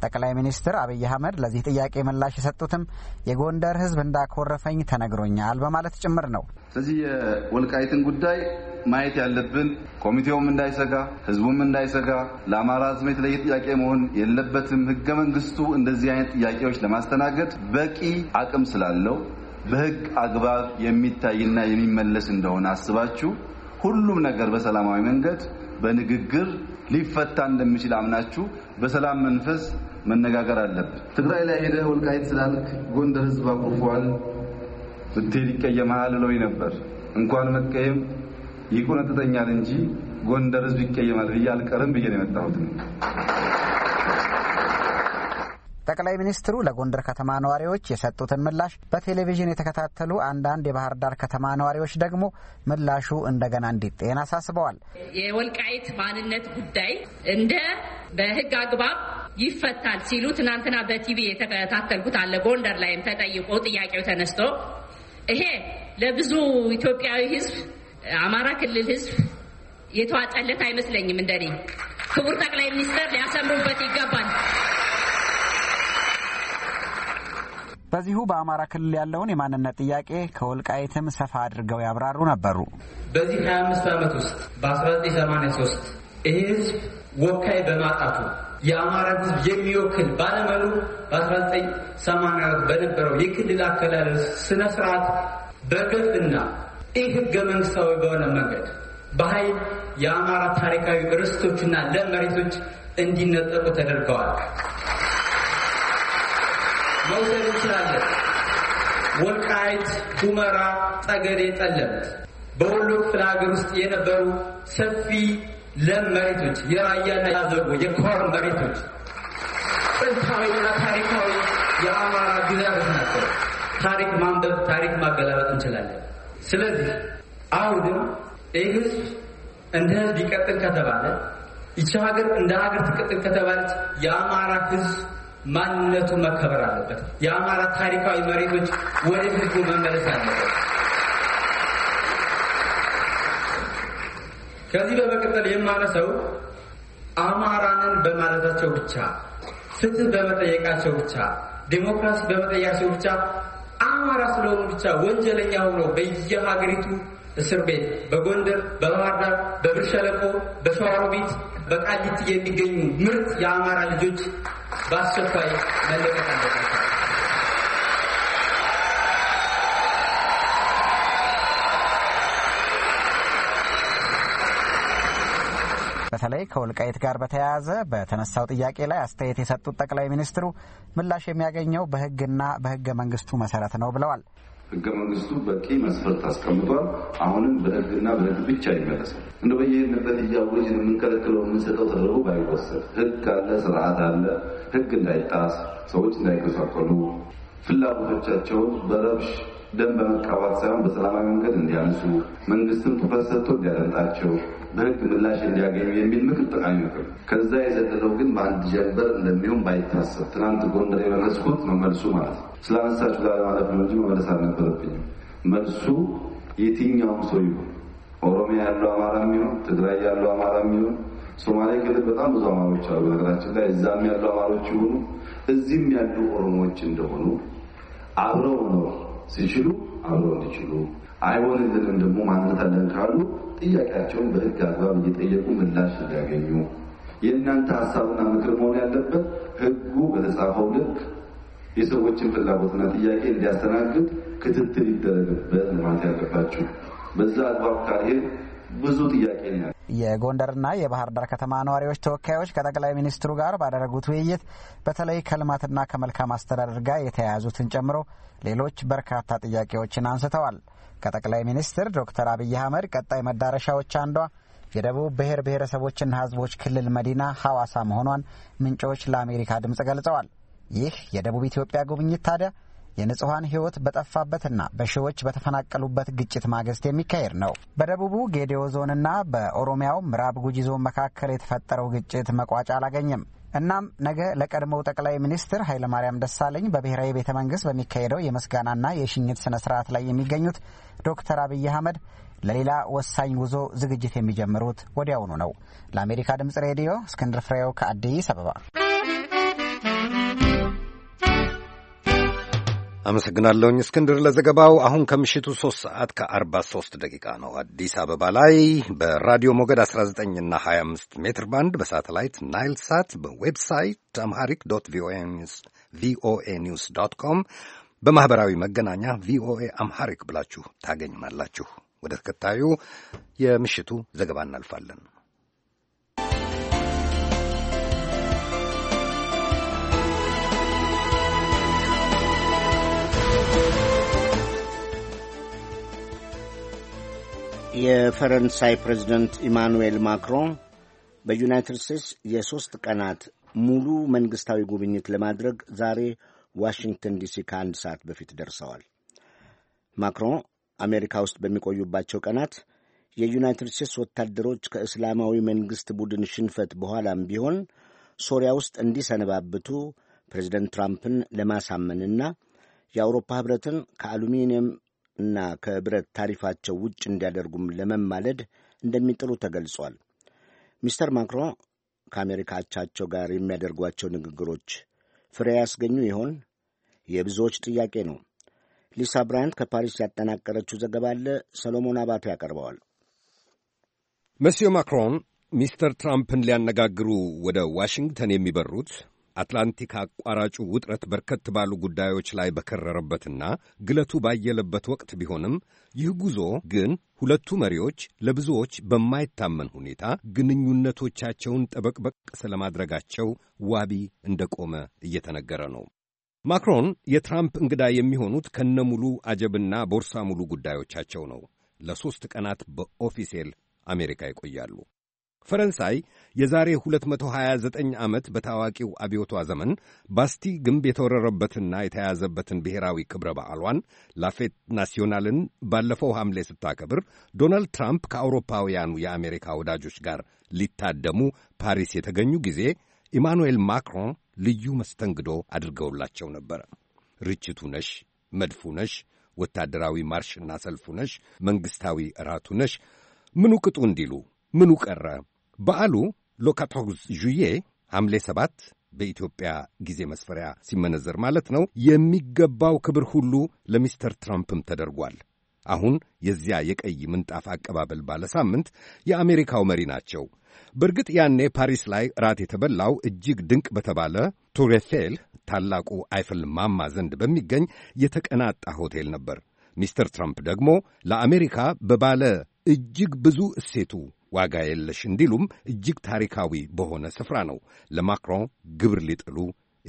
ጠቅላይ ሚኒስትር አብይ አህመድ ለዚህ ጥያቄ ምላሽ የሰጡትም የጎንደር ህዝብ እንዳኮረፈኝ ተነግሮኛል በማለት ጭምር ነው። ስለዚህ የወልቃይትን ጉዳይ ማየት ያለብን ኮሚቴውም እንዳይሰጋ፣ ህዝቡም እንዳይሰጋ፣ ለአማራ ህዝብ የተለየ ጥያቄ መሆን የለበትም። ህገ መንግስቱ እንደዚህ አይነት ጥያቄዎች ለማስተናገድ በቂ አቅም ስላለው በህግ አግባብ የሚታይና የሚመለስ እንደሆነ አስባችሁ ሁሉም ነገር በሰላማዊ መንገድ በንግግር ሊፈታ እንደሚችል አምናችሁ በሰላም መንፈስ መነጋገር አለብን። ትግራይ ላይ ሄደህ ወልቃይት ስላልክ ጎንደር ህዝብ አኩርፏል ብትሄድ ይቀየመሃል ብለውኝ ነበር። እንኳን መቀየም ይቆነጥጠኛል እንጂ ጎንደር ህዝብ ይቀየማል ብዬ አልቀርም ብዬ ነው የመጣሁት። ጠቅላይ ሚኒስትሩ ለጎንደር ከተማ ነዋሪዎች የሰጡትን ምላሽ በቴሌቪዥን የተከታተሉ አንዳንድ የባህር ዳር ከተማ ነዋሪዎች ደግሞ ምላሹ እንደገና እንዲጤን አሳስበዋል። የወልቃይት ማንነት ጉዳይ እንደ በህግ አግባብ ይፈታል ሲሉ ትናንትና በቲቪ የተከታተልኩት አለ። ጎንደር ላይም ተጠይቆ ጥያቄው ተነስቶ ይሄ ለብዙ ኢትዮጵያዊ ህዝብ አማራ ክልል ህዝብ የተዋጠለት አይመስለኝም። እንደኔ ክቡር ጠቅላይ ሚኒስትር ሊያሰምሩበት ይገባል። በዚሁ በአማራ ክልል ያለውን የማንነት ጥያቄ ከወልቃይትም ሰፋ አድርገው ያብራሩ ነበሩ። በዚህ 25 ዓመት ውስጥ በ1983 ይህ ህዝብ ወካይ በማጣቱ የአማራ ህዝብ የሚወክል ባለመሉ በ1984 በነበረው የክልል አከላለስ ስነ ስርዓት በገፍና ይህ ህገ መንግስታዊ በሆነ መንገድ በኃይል የአማራ ታሪካዊ ርስቶችና ለም መሬቶች እንዲነጠቁ ተደርገዋል። መውሰድ እንችላለን። ወልቃይት፣ ሁመራ፣ ጠገዴ፣ ጠለምት በሁሉ ክፍለ ሀገር ውስጥ የነበሩ ሰፊ ለም መሬቶች የራያና ያዘጎ የኮር መሬቶች ጥንታዊና ታሪካዊ የአማራ ግዛቶች ናቸው። ታሪክ ማንበብ፣ ታሪክ ማገላበጥ እንችላለን። ስለዚህ አሁንም ይህ ህዝብ እንደ ህዝብ ይቀጥል ከተባለ ይቺ ሀገር እንደ ሀገር ትቀጥል ከተባለች የአማራ ህዝብ ማንነቱ መከበር አለበት። የአማራ ታሪካዊ መሪቶች ወደ ህዝቡ መመለስ አለበት። ከዚህ በመቀጠል የማነሰው አማራንን በማለታቸው ብቻ፣ ፍትህ በመጠየቃቸው ብቻ፣ ዴሞክራሲ በመጠየቃቸው ብቻ አማራ ስለሆኑ ብቻ ወንጀለኛ ሆኖ በየሀገሪቱ እስር ቤት በጎንደር፣ በባህር ዳር፣ በብር ሸለቆ፣ በሸዋሮቢት በቃሊቲ የሚገኙ ምርጥ የአማራ ልጆች በአስቸኳይ መለቀቅ አለባቸው። በተለይ ከወልቃይት ጋር በተያያዘ በተነሳው ጥያቄ ላይ አስተያየት የሰጡት ጠቅላይ ሚኒስትሩ ምላሽ የሚያገኘው በሕግና በሕገ መንግስቱ መሰረት ነው ብለዋል። ህገ መንግስቱ በቂ መስፈርት አስቀምጧል። አሁንም በህግና በህግ ብቻ ይመለሳል። እንደ በየሄድንበት እያወጅን የምንከለክለው የምንሰጠው ተደርጎ ባይወሰድ ህግ አለ፣ ስርዓት አለ። ህግ እንዳይጣስ ሰዎች እንዳይገሳቀሉ ፍላጎቶቻቸውን በረብሽ ደም በመቃባት ሳይሆን በሰላማዊ መንገድ እንዲያነሱ መንግስትም ትኩረት ሰጥቶ እንዲያደምጣቸው በህግ ምላሽ እንዲያገኙ የሚል ምክር ጠቃሚ ምክር። ከዛ የዘለለው ግን በአንድ ጀንበር እንደሚሆን ባይታሰብ ትናንት ጎንደር የመለስኩት ነው መልሱ ማለት ነው። ስላነሳችሁ ላለማለፍ ነው እንጂ መመለስ አልነበረብኝም። መልሱ የትኛውም ሰው ይሁን ኦሮሚያ ያለው አማራ የሚሆን ትግራይ ያለው አማራ የሚሆን ሶማሌ ክልል በጣም ብዙ አማሮች አሉ ነገራችን ላይ እዛም ያሉ አማሮች የሆኑ እዚህም ያሉ ኦሮሞዎች እንደሆኑ አብረው ነው ሲችሉ አብረው እንዲችሉ አይወንዝልን ደግሞ አለን ካሉ ጥያቄያቸውን በህግ አግባብ እየጠየቁ ምላሽ እንዲያገኙ የእናንተ ሀሳብና ምክር መሆን ያለበት ህጉ በተጻፈው ልክ የሰዎችን ፍላጎትና ጥያቄ እንዲያስተናግድ ክትትል ይደረግበት ማለት ያለባችሁ በዛ አግባብ ካልሄድ ብዙ ጥያቄ ነው። የጎንደርና የባህር ዳር ከተማ ነዋሪዎች ተወካዮች ከጠቅላይ ሚኒስትሩ ጋር ባደረጉት ውይይት በተለይ ከልማትና ከመልካም አስተዳደር ጋር የተያያዙትን ጨምሮ ሌሎች በርካታ ጥያቄዎችን አንስተዋል። ከጠቅላይ ሚኒስትር ዶክተር አብይ አህመድ ቀጣይ መዳረሻዎች አንዷ የደቡብ ብሔር ብሔረሰቦችና ህዝቦች ክልል መዲና ሐዋሳ መሆኗን ምንጮች ለአሜሪካ ድምፅ ገልጸዋል። ይህ የደቡብ ኢትዮጵያ ጉብኝት ታዲያ የንጹሐን ሕይወት በጠፋበትና በሺዎች በተፈናቀሉበት ግጭት ማግስት የሚካሄድ ነው። በደቡቡ ጌዲዮ ዞንና በኦሮሚያው ምዕራብ ጉጂ ዞን መካከል የተፈጠረው ግጭት መቋጫ አላገኘም። እናም ነገ ለቀድሞው ጠቅላይ ሚኒስትር ኃይለማርያም ደሳለኝ በብሔራዊ ቤተ መንግስት በሚካሄደው የምስጋናና የሽኝት ስነ ስርዓት ላይ የሚገኙት ዶክተር አብይ አህመድ ለሌላ ወሳኝ ጉዞ ዝግጅት የሚጀምሩት ወዲያውኑ ነው። ለአሜሪካ ድምጽ ሬዲዮ እስክንድር ፍሬው ከአዲስ አበባ አመሰግናለሁኝ እስክንድር ለዘገባው። አሁን ከምሽቱ ሶስት ሰዓት ከአርባ ሶስት ደቂቃ ነው አዲስ አበባ ላይ በራዲዮ ሞገድ 19ና 25 ሜትር ባንድ በሳተላይት ናይል ሳት በዌብሳይት አምሃሪክ ዶት ቪኦኤ ኒውስ ዶት ኮም በማኅበራዊ መገናኛ ቪኦኤ አምሃሪክ ብላችሁ ታገኙናላችሁ። ወደ ተከታዩ የምሽቱ ዘገባ እናልፋለን። የፈረንሳይ ፕሬዚደንት ኢማኑኤል ማክሮን በዩናይትድ ስቴትስ የሦስት ቀናት ሙሉ መንግሥታዊ ጉብኝት ለማድረግ ዛሬ ዋሽንግተን ዲሲ ከአንድ ሰዓት በፊት ደርሰዋል። ማክሮን አሜሪካ ውስጥ በሚቆዩባቸው ቀናት የዩናይትድ ስቴትስ ወታደሮች ከእስላማዊ መንግሥት ቡድን ሽንፈት በኋላም ቢሆን ሶሪያ ውስጥ እንዲሰነባብቱ ፕሬዚደንት ትራምፕን ለማሳመንና የአውሮፓ ኅብረትን ከአሉሚኒየም እና ከብረት ታሪፋቸው ውጭ እንዲያደርጉም ለመማለድ እንደሚጥሩ ተገልጿል። ሚስተር ማክሮን ከአሜሪካ አቻቸው ጋር የሚያደርጓቸው ንግግሮች ፍሬ ያስገኙ ይሆን? የብዙዎች ጥያቄ ነው። ሊሳ ብራያንት ከፓሪስ ያጠናቀረችው ዘገባ አለ። ሰሎሞን አባቴ ያቀርበዋል። መስዮ ማክሮን ሚስተር ትራምፕን ሊያነጋግሩ ወደ ዋሽንግተን የሚበሩት አትላንቲክ አቋራጩ ውጥረት በርከት ባሉ ጉዳዮች ላይ በከረረበትና ግለቱ ባየለበት ወቅት ቢሆንም ይህ ጉዞ ግን ሁለቱ መሪዎች ለብዙዎች በማይታመን ሁኔታ ግንኙነቶቻቸውን ጠበቅበቅ ስለማድረጋቸው ዋቢ እንደቆመ እየተነገረ ነው። ማክሮን የትራምፕ እንግዳ የሚሆኑት ከነሙሉ አጀብና ቦርሳ ሙሉ ጉዳዮቻቸው ነው። ለሦስት ቀናት በኦፊሴል አሜሪካ ይቆያሉ። ፈረንሳይ የዛሬ 229 ዓመት በታዋቂው አብዮቷ ዘመን ባስቲ ግንብ የተወረረበትና የተያያዘበትን ብሔራዊ ክብረ በዓሏን ላፌት ናሲዮናልን ባለፈው ሐምሌ ስታከብር ዶናልድ ትራምፕ ከአውሮፓውያኑ የአሜሪካ ወዳጆች ጋር ሊታደሙ ፓሪስ የተገኙ ጊዜ ኢማኑኤል ማክሮን ልዩ መስተንግዶ አድርገውላቸው ነበረ። ርችቱ ነሽ፣ መድፉ ነሽ፣ ወታደራዊ ማርሽና ሰልፉ ነሽ፣ መንግሥታዊ እራቱ ነሽ፣ ምኑ ቅጡ እንዲሉ ምኑ ቀረ በዓሉ ሎካቶግዝ ዡዬ ሐምሌ ሰባት በኢትዮጵያ ጊዜ መስፈሪያ ሲመነዘር ማለት ነው የሚገባው ክብር ሁሉ ለሚስተር ትራምፕም ተደርጓል። አሁን የዚያ የቀይ ምንጣፍ አቀባበል ባለ ሳምንት የአሜሪካው መሪ ናቸው። በእርግጥ ያኔ ፓሪስ ላይ ራት የተበላው እጅግ ድንቅ በተባለ ቱሬፌል ታላቁ አይፍል ማማ ዘንድ በሚገኝ የተቀናጣ ሆቴል ነበር። ሚስተር ትራምፕ ደግሞ ለአሜሪካ በባለ እጅግ ብዙ እሴቱ ዋጋ የለሽ እንዲሉም እጅግ ታሪካዊ በሆነ ስፍራ ነው ለማክሮን ግብር ሊጥሉ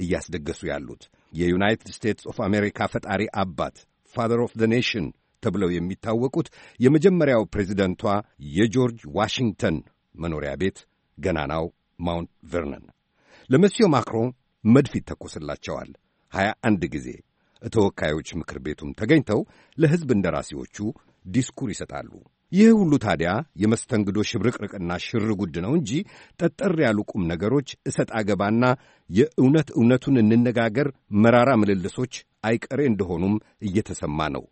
እያስደገሱ ያሉት። የዩናይትድ ስቴትስ ኦፍ አሜሪካ ፈጣሪ አባት ፋዘር ኦፍ ዘ ኔሽን ተብለው የሚታወቁት የመጀመሪያው ፕሬዚደንቷ የጆርጅ ዋሽንግተን መኖሪያ ቤት ገናናው ማውንት ቨርነን ለመስዮ ማክሮን መድፍ ይተኮስላቸዋል ሀያ አንድ ጊዜ። ተወካዮች ምክር ቤቱም ተገኝተው ለሕዝብ እንደራሴዎቹ ዲስኩር ይሰጣሉ። ይህ ሁሉ ታዲያ የመስተንግዶ ሽብርቅርቅና ሽር ጉድ ነው እንጂ ጠጠር ያሉ ቁም ነገሮች፣ እሰጥ አገባና የእውነት እውነቱን እንነጋገር መራራ ምልልሶች አይቀሬ እንደሆኑም እየተሰማ ነው።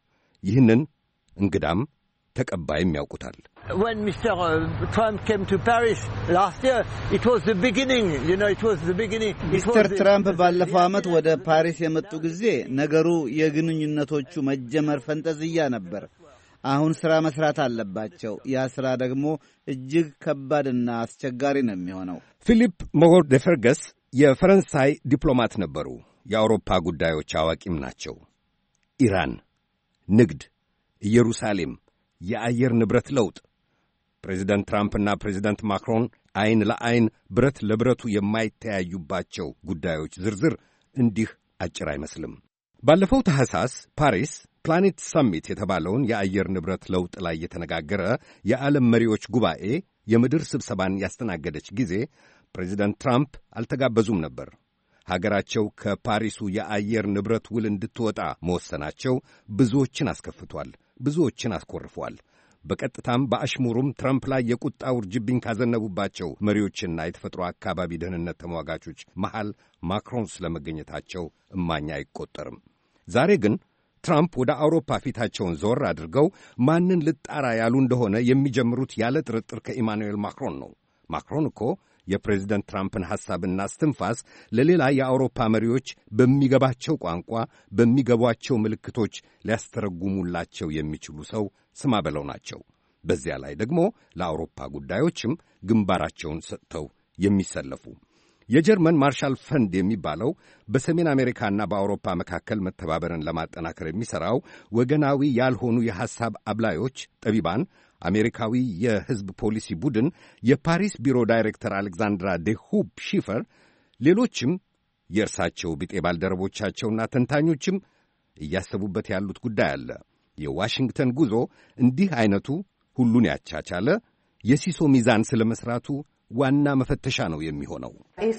ይህንን እንግዳም ተቀባይም ያውቁታል። ሚስተር ትራምፕ uh, ባለፈው ዓመት ወደ ፓሪስ የመጡ ጊዜ ነገሩ የግንኙነቶቹ መጀመር ፈንጠዝያ ነበር። አሁን ሥራ መስራት አለባቸው። ያ ሥራ ደግሞ እጅግ ከባድና አስቸጋሪ ነው የሚሆነው። ፊሊፕ ሞጎር ደፈርገስ የፈረንሳይ ዲፕሎማት ነበሩ። የአውሮፓ ጉዳዮች አዋቂም ናቸው። ኢራን፣ ንግድ፣ ኢየሩሳሌም፣ የአየር ንብረት ለውጥ ፕሬዚደንት ትራምፕና ፕሬዚደንት ማክሮን ዐይን ለዐይን ብረት ለብረቱ የማይተያዩባቸው ጉዳዮች ዝርዝር እንዲህ አጭር አይመስልም። ባለፈው ታሕሳስ ፓሪስ ፕላኔት ሰሚት የተባለውን የአየር ንብረት ለውጥ ላይ የተነጋገረ የዓለም መሪዎች ጉባኤ የምድር ስብሰባን ያስተናገደች ጊዜ ፕሬዚደንት ትራምፕ አልተጋበዙም ነበር። ሀገራቸው ከፓሪሱ የአየር ንብረት ውል እንድትወጣ መወሰናቸው ብዙዎችን አስከፍቷል፣ ብዙዎችን አስኮርፏል። በቀጥታም በአሽሙሩም ትራምፕ ላይ የቁጣ ውርጅብኝ ካዘነቡባቸው መሪዎችና የተፈጥሮ አካባቢ ደህንነት ተሟጋቾች መሃል ማክሮን ስለመገኘታቸው እማኝ አይቆጠርም። ዛሬ ግን ትራምፕ ወደ አውሮፓ ፊታቸውን ዞር አድርገው ማንን ልጣራ ያሉ እንደሆነ የሚጀምሩት ያለ ጥርጥር ከኢማኑኤል ማክሮን ነው። ማክሮን እኮ የፕሬዚደንት ትራምፕን ሐሳብና እስትንፋስ ለሌላ የአውሮፓ መሪዎች በሚገባቸው ቋንቋ በሚገቧቸው ምልክቶች ሊያስተረጉሙላቸው የሚችሉ ሰው ስማ በለው ናቸው። በዚያ ላይ ደግሞ ለአውሮፓ ጉዳዮችም ግንባራቸውን ሰጥተው የሚሰለፉ የጀርመን ማርሻል ፈንድ የሚባለው በሰሜን አሜሪካና በአውሮፓ መካከል መተባበርን ለማጠናከር የሚሠራው ወገናዊ ያልሆኑ የሐሳብ አብላዮች ጠቢባን አሜሪካዊ የሕዝብ ፖሊሲ ቡድን የፓሪስ ቢሮ ዳይሬክተር አሌክዛንድራ ዴሁብ ሺፈር፣ ሌሎችም የእርሳቸው ቢጤ ባልደረቦቻቸውና ተንታኞችም እያሰቡበት ያሉት ጉዳይ አለ። የዋሽንግተን ጉዞ እንዲህ ዐይነቱ ሁሉን ያቻቻለ የሲሶ ሚዛን ስለ መሥራቱ ዋና መፈተሻ ነው የሚሆነው። uh,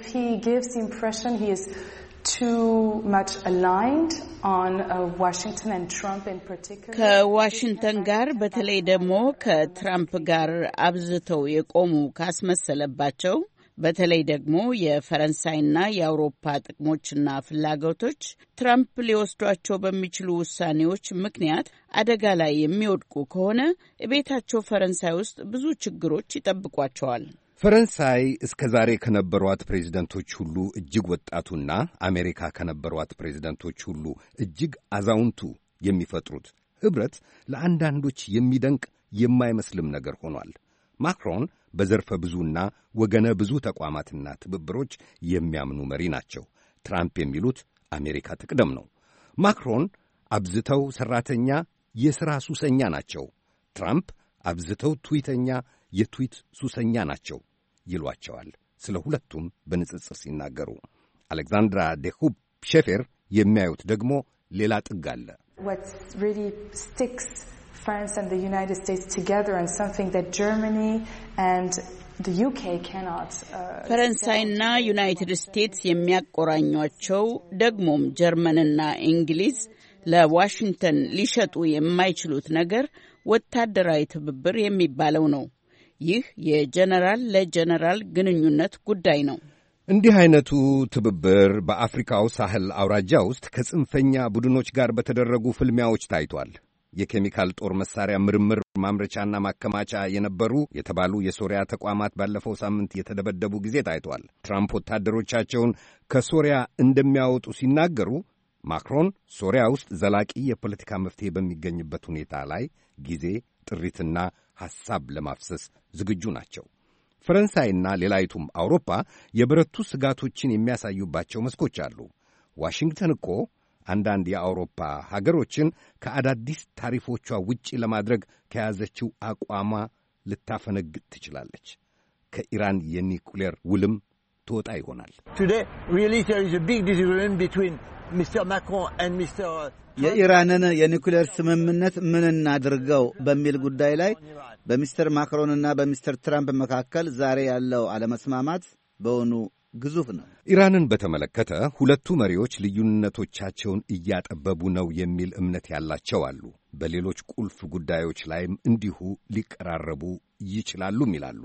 ከዋሽንግተን ጋር በተለይ ደግሞ ከትራምፕ ጋር አብዝተው የቆሙ ካስመሰለባቸው በተለይ ደግሞ የፈረንሳይና የአውሮፓ ጥቅሞችና ፍላጎቶች ትራምፕ ሊወስዷቸው በሚችሉ ውሳኔዎች ምክንያት አደጋ ላይ የሚወድቁ ከሆነ እቤታቸው ፈረንሳይ ውስጥ ብዙ ችግሮች ይጠብቋቸዋል። ፈረንሳይ እስከ ዛሬ ከነበሯት ፕሬዚደንቶች ሁሉ እጅግ ወጣቱና አሜሪካ ከነበሯት ፕሬዚደንቶች ሁሉ እጅግ አዛውንቱ የሚፈጥሩት ኅብረት ለአንዳንዶች የሚደንቅ የማይመስልም ነገር ሆኗል። ማክሮን በዘርፈ ብዙና ወገነ ብዙ ተቋማትና ትብብሮች የሚያምኑ መሪ ናቸው። ትራምፕ የሚሉት አሜሪካ ትቅደም ነው። ማክሮን አብዝተው ሠራተኛ፣ የሥራ ሱሰኛ ናቸው። ትራምፕ አብዝተው ትዊተኛ፣ የትዊት ሱሰኛ ናቸው ይሏቸዋል። ስለ ሁለቱም በንጽጽር ሲናገሩ አሌክዛንድራ ዴሁብ ሼፌር የሚያዩት ደግሞ ሌላ ጥግ አለ። uh, ፈረንሳይና ዩናይትድ ስቴትስ የሚያቆራኟቸው ደግሞም ጀርመንና እንግሊዝ ለዋሽንግተን ሊሸጡ የማይችሉት ነገር ወታደራዊ ትብብር የሚባለው ነው። ይህ የጀነራል ለጀነራል ግንኙነት ጉዳይ ነው። እንዲህ አይነቱ ትብብር በአፍሪካው ሳህል አውራጃ ውስጥ ከጽንፈኛ ቡድኖች ጋር በተደረጉ ፍልሚያዎች ታይቷል። የኬሚካል ጦር መሳሪያ ምርምር ማምረቻና ማከማቻ የነበሩ የተባሉ የሶሪያ ተቋማት ባለፈው ሳምንት የተደበደቡ ጊዜ ታይቷል። ትራምፕ ወታደሮቻቸውን ከሶሪያ እንደሚያወጡ ሲናገሩ ማክሮን ሶሪያ ውስጥ ዘላቂ የፖለቲካ መፍትሄ በሚገኝበት ሁኔታ ላይ ጊዜ ጥሪትና ሐሳብ ለማፍሰስ ዝግጁ ናቸው። ፈረንሳይና ሌላይቱም አውሮፓ የበረቱ ስጋቶችን የሚያሳዩባቸው መስኮች አሉ። ዋሽንግተን እኮ አንዳንድ የአውሮፓ ሀገሮችን ከአዳዲስ ታሪፎቿ ውጪ ለማድረግ ከያዘችው አቋሟ ልታፈነግጥ ትችላለች። ከኢራን የኒውክሌር ውልም ትወጣ ይሆናል። የኢራንን የኒኩሌር ስምምነት ምን እናድርገው በሚል ጉዳይ ላይ በሚስተር ማክሮንና በሚስተር ትራምፕ መካከል ዛሬ ያለው አለመስማማት በውኑ ግዙፍ ነው። ኢራንን በተመለከተ ሁለቱ መሪዎች ልዩነቶቻቸውን እያጠበቡ ነው የሚል እምነት ያላቸው አሉ። በሌሎች ቁልፍ ጉዳዮች ላይም እንዲሁ ሊቀራረቡ ይችላሉም ይላሉ።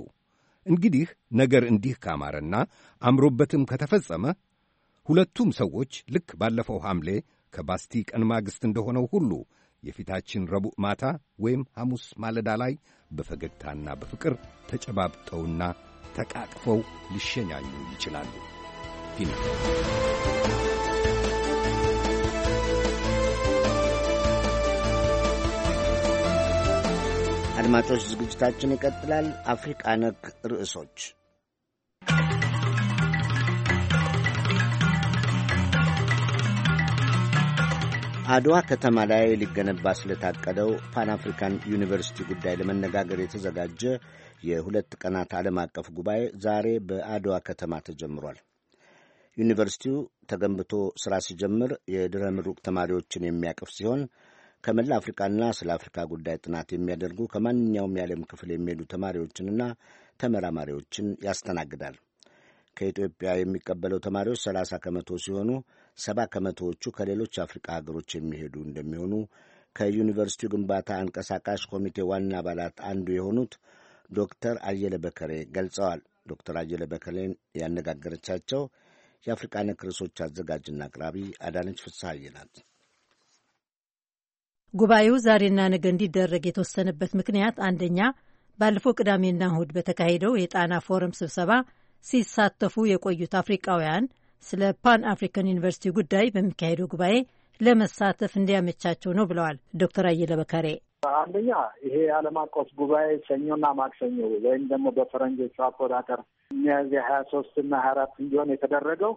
እንግዲህ ነገር እንዲህ ካማረና አምሮበትም ከተፈጸመ ሁለቱም ሰዎች ልክ ባለፈው ሐምሌ ከባስቲ ቀን ማግስት እንደሆነው ሁሉ የፊታችን ረቡዕ ማታ ወይም ሐሙስ ማለዳ ላይ በፈገግታና በፍቅር ተጨባብጠውና ተቃቅፈው ሊሸኛኙ ይችላሉ። አድማጮች፣ ዝግጅታችን ይቀጥላል። አፍሪቃ ነክ ርዕሶች አድዋ ከተማ ላይ ሊገነባ ስለታቀደው ፓን አፍሪካን ዩኒቨርሲቲ ጉዳይ ለመነጋገር የተዘጋጀ የሁለት ቀናት ዓለም አቀፍ ጉባኤ ዛሬ በአድዋ ከተማ ተጀምሯል። ዩኒቨርሲቲው ተገንብቶ ሥራ ሲጀምር የድህረ ምሩቅ ተማሪዎችን የሚያቅፍ ሲሆን ከመላ አፍሪካና ስለ አፍሪካ ጉዳይ ጥናት የሚያደርጉ ከማንኛውም የዓለም ክፍል የሚሄዱ ተማሪዎችንና ተመራማሪዎችን ያስተናግዳል። ከኢትዮጵያ የሚቀበለው ተማሪዎች 30 ከመቶ ሲሆኑ ሰባ ከመቶዎቹ ከሌሎች አፍሪካ ሀገሮች የሚሄዱ እንደሚሆኑ ከዩኒቨርስቲው ግንባታ አንቀሳቃሽ ኮሚቴ ዋና አባላት አንዱ የሆኑት ዶክተር አየለ በከሬ ገልጸዋል። ዶክተር አየለ በከሬን ያነጋገረቻቸው የአፍሪቃ ነክ ርዕሶች አዘጋጅና አቅራቢ አዳነች ፍስሐዬ ናት። ጉባኤው ዛሬና ነገ እንዲደረግ የተወሰነበት ምክንያት አንደኛ ባለፈው ቅዳሜና እሁድ በተካሄደው የጣና ፎረም ስብሰባ ሲሳተፉ የቆዩት አፍሪቃውያን ስለ ፓን አፍሪካን ዩኒቨርሲቲ ጉዳይ በሚካሄደው ጉባኤ ለመሳተፍ እንዲያመቻቸው ነው ብለዋል ዶክተር አየለ በከሬ። አንደኛ ይሄ የዓለም አቀፍ ጉባኤ ሰኞና ማክሰኞ ወይም ደግሞ በፈረንጆቹ አቆጣጠር ሚያዝያ ሀያ ሶስት እና ሀያ አራት እንዲሆን የተደረገው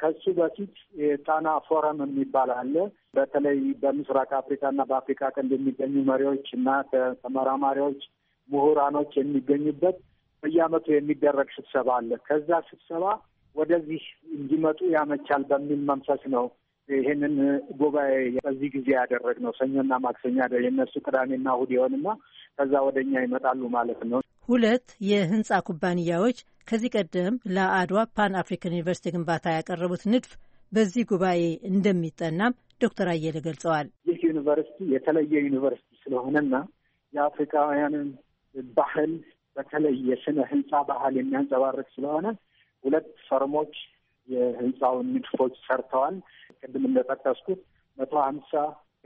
ከሱ በፊት የጣና ፎረም የሚባል አለ። በተለይ በምስራቅ አፍሪካና በአፍሪካ ቀንድ የሚገኙ መሪዎች እና ተመራማሪዎች፣ ምሁራኖች የሚገኙበት በየአመቱ የሚደረግ ስብሰባ አለ። ከዛ ስብሰባ ወደዚህ እንዲመጡ ያመቻል በሚል መንፈስ ነው ይህንን ጉባኤ በዚህ ጊዜ ነው። ሰኞና ማክሰኛ የነሱ ቅዳሜና እሑድ ይሆንና ከዛ ወደኛ ይመጣሉ ማለት ነው። ሁለት የህንፃ ኩባንያዎች ከዚህ ቀደም ለአድዋ ፓን አፍሪካን ዩኒቨርሲቲ ግንባታ ያቀረቡት ንድፍ በዚህ ጉባኤ እንደሚጠናም ዶክተር አየለ ገልጸዋል። ይህ ዩኒቨርሲቲ የተለየ ዩኒቨርሲቲ ስለሆነና የአፍሪካውያንን ባህል በተለይ የስነ ህንፃ ባህል የሚያንጸባርቅ ስለሆነ ሁለት ፈርሞች የህንፃውን ንድፎች ሰርተዋል። ቅድም እንደጠቀስኩት መቶ ሀምሳ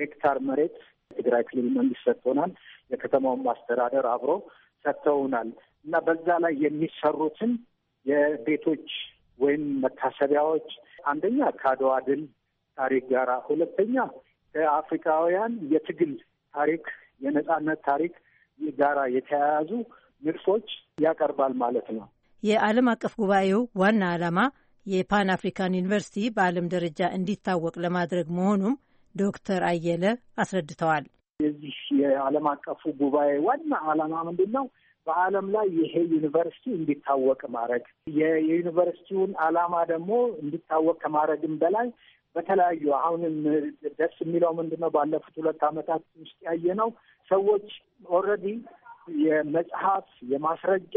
ሄክታር መሬት ትግራይ ክልል መንግስት ሰጥቶናል። የከተማውን ማስተዳደር አብሮ ሰጥተውናል እና በዛ ላይ የሚሰሩትን የቤቶች ወይም መታሰቢያዎች አንደኛ ከአድዋ ድል ታሪክ ጋር፣ ሁለተኛ ከአፍሪካውያን የትግል ታሪክ የነጻነት ታሪክ ጋራ የተያያዙ ንድፎች ያቀርባል ማለት ነው። የዓለም አቀፍ ጉባኤው ዋና ዓላማ የፓን አፍሪካን ዩኒቨርሲቲ በዓለም ደረጃ እንዲታወቅ ለማድረግ መሆኑም ዶክተር አየለ አስረድተዋል። የዚህ የዓለም አቀፉ ጉባኤ ዋና ዓላማ ምንድን ነው? በዓለም ላይ ይሄ ዩኒቨርሲቲ እንዲታወቅ ማድረግ የዩኒቨርሲቲውን ዓላማ ደግሞ እንዲታወቅ ከማድረግም በላይ በተለያዩ አሁንም ደስ የሚለው ምንድን ነው? ባለፉት ሁለት ዓመታት ውስጥ ያየ ነው። ሰዎች ኦልሬዲ የመጽሐፍ የማስረጃ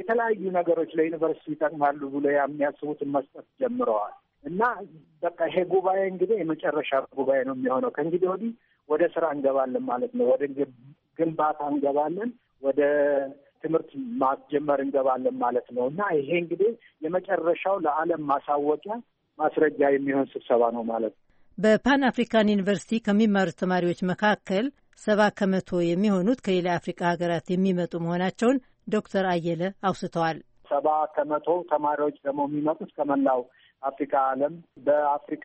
የተለያዩ ነገሮች ለዩኒቨርሲቲ ይጠቅማሉ ብሎ የሚያስቡትን መስጠት ጀምረዋል። እና በቃ ይሄ ጉባኤ እንግዲህ የመጨረሻ ጉባኤ ነው የሚሆነው ከእንግዲህ ወዲህ ወደ ስራ እንገባለን ማለት ነው። ወደ ግንባታ እንገባለን፣ ወደ ትምህርት ማስጀመር እንገባለን ማለት ነው እና ይሄ እንግዲህ የመጨረሻው ለዓለም ማሳወቂያ ማስረጃ የሚሆን ስብሰባ ነው ማለት ነው። በፓን አፍሪካን ዩኒቨርሲቲ ከሚማሩት ተማሪዎች መካከል ሰባ ከመቶ የሚሆኑት ከሌላ አፍሪካ ሀገራት የሚመጡ መሆናቸውን ዶክተር አየለ አውስተዋል። ሰባ ከመቶ ተማሪዎች ደግሞ የሚመጡት ከመላው አፍሪካ ዓለም በአፍሪካ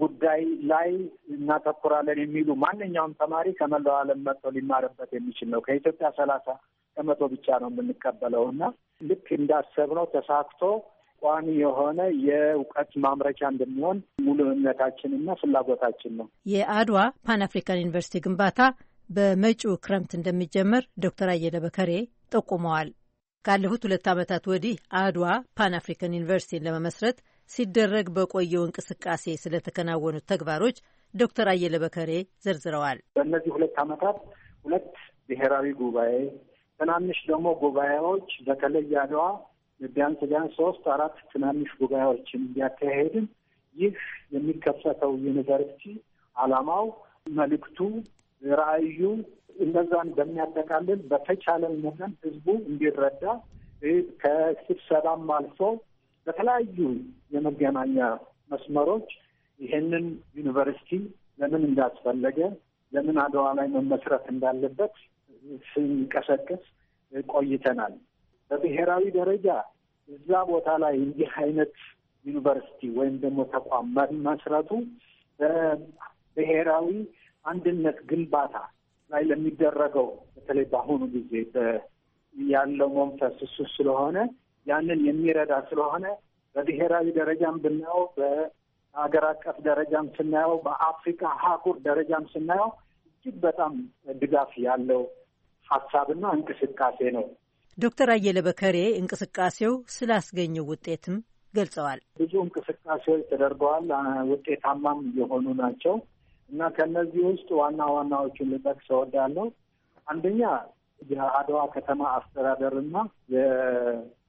ጉዳይ ላይ እናተኩራለን የሚሉ ማንኛውም ተማሪ ከመላው ዓለም መጥቶ ሊማርበት የሚችል ነው። ከኢትዮጵያ ሰላሳ ከመቶ ብቻ ነው የምንቀበለው እና ልክ እንዳሰብነው ተሳክቶ ቋሚ የሆነ የእውቀት ማምረቻ እንደሚሆን ሙሉ እምነታችንና ፍላጎታችን ነው። የአድዋ ፓን አፍሪካን ዩኒቨርሲቲ ግንባታ በመጪው ክረምት እንደሚጀመር ዶክተር አየለ በከሬ ጠቁመዋል። ካለፉት ሁለት ዓመታት ወዲህ አድዋ ፓን አፍሪካን ዩኒቨርሲቲን ለመመስረት ሲደረግ በቆየው እንቅስቃሴ ስለተከናወኑት ተግባሮች ዶክተር አየለ በከሬ ዘርዝረዋል። በእነዚህ ሁለት ዓመታት ሁለት ብሔራዊ ጉባኤ፣ ትናንሽ ደግሞ ጉባኤዎች በተለይ አድዋ ቢያንስ ቢያንስ ሶስት አራት ትናንሽ ጉባኤዎችን እንዲያካሄድም ይህ የሚከፈተው ዩኒቨርሲቲ ዓላማው መልእክቱ፣ ራዕዩ እነዛን በሚያጠቃልል በተቻለን መጠን ህዝቡ እንዲረዳ ከስብሰባም አልፎ በተለያዩ የመገናኛ መስመሮች ይህንን ዩኒቨርሲቲ ለምን እንዳስፈለገ ለምን አድዋ ላይ መመስረት እንዳለበት ስንቀሰቅስ ቆይተናል። በብሔራዊ ደረጃ እዛ ቦታ ላይ እንዲህ አይነት ዩኒቨርሲቲ ወይም ደግሞ ተቋም መመስረቱ በብሔራዊ አንድነት ግንባታ ላይ ለሚደረገው በተለይ በአሁኑ ጊዜ ያለው መንፈስ እሱ ስለሆነ ያንን የሚረዳ ስለሆነ በብሔራዊ ደረጃም ብናየው፣ በሀገር አቀፍ ደረጃም ስናየው፣ በአፍሪካ ሀኩር ደረጃም ስናየው እጅግ በጣም ድጋፍ ያለው ሀሳብና እንቅስቃሴ ነው። ዶክተር አየለ በከሬ እንቅስቃሴው ስላስገኘው ውጤትም ገልጸዋል። ብዙ እንቅስቃሴዎች ተደርገዋል፣ ውጤታማም የሆኑ ናቸው እና ከእነዚህ ውስጥ ዋና ዋናዎቹን ልጠቅስ እወዳለሁ። አንደኛ የአድዋ ከተማ አስተዳደርና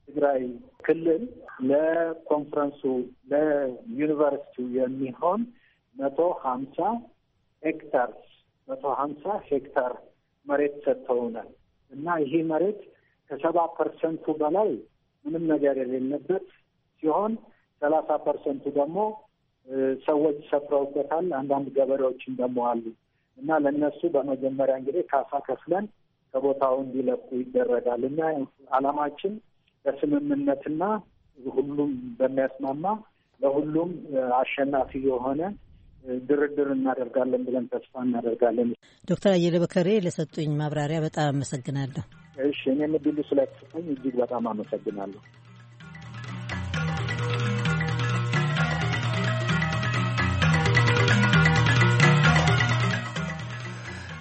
ትግራይ ክልል ለኮንፈረንሱ ለዩኒቨርሲቲው የሚሆን መቶ ሀምሳ ሄክታር መቶ ሀምሳ ሄክታር መሬት ሰጥተውናል እና ይሄ መሬት ከሰባ ፐርሰንቱ በላይ ምንም ነገር የሌለበት ሲሆን ሰላሳ ፐርሰንቱ ደግሞ ሰዎች ሰፍረውበታል። አንዳንድ ገበሬዎችም ደግሞ አሉ እና ለእነሱ በመጀመሪያ እንግዲህ ካሳ ከፍለን ከቦታው እንዲለቁ ይደረጋል እና አላማችን በስምምነትና ሁሉም በሚያስማማ ለሁሉም አሸናፊ የሆነ ድርድር እናደርጋለን ብለን ተስፋ እናደርጋለን። ዶክተር አየለ በከሬ ለሰጡኝ ማብራሪያ በጣም አመሰግናለሁ። እሺ እኔ ምድሉ ስለተሰጠኝ እጅግ በጣም አመሰግናለሁ።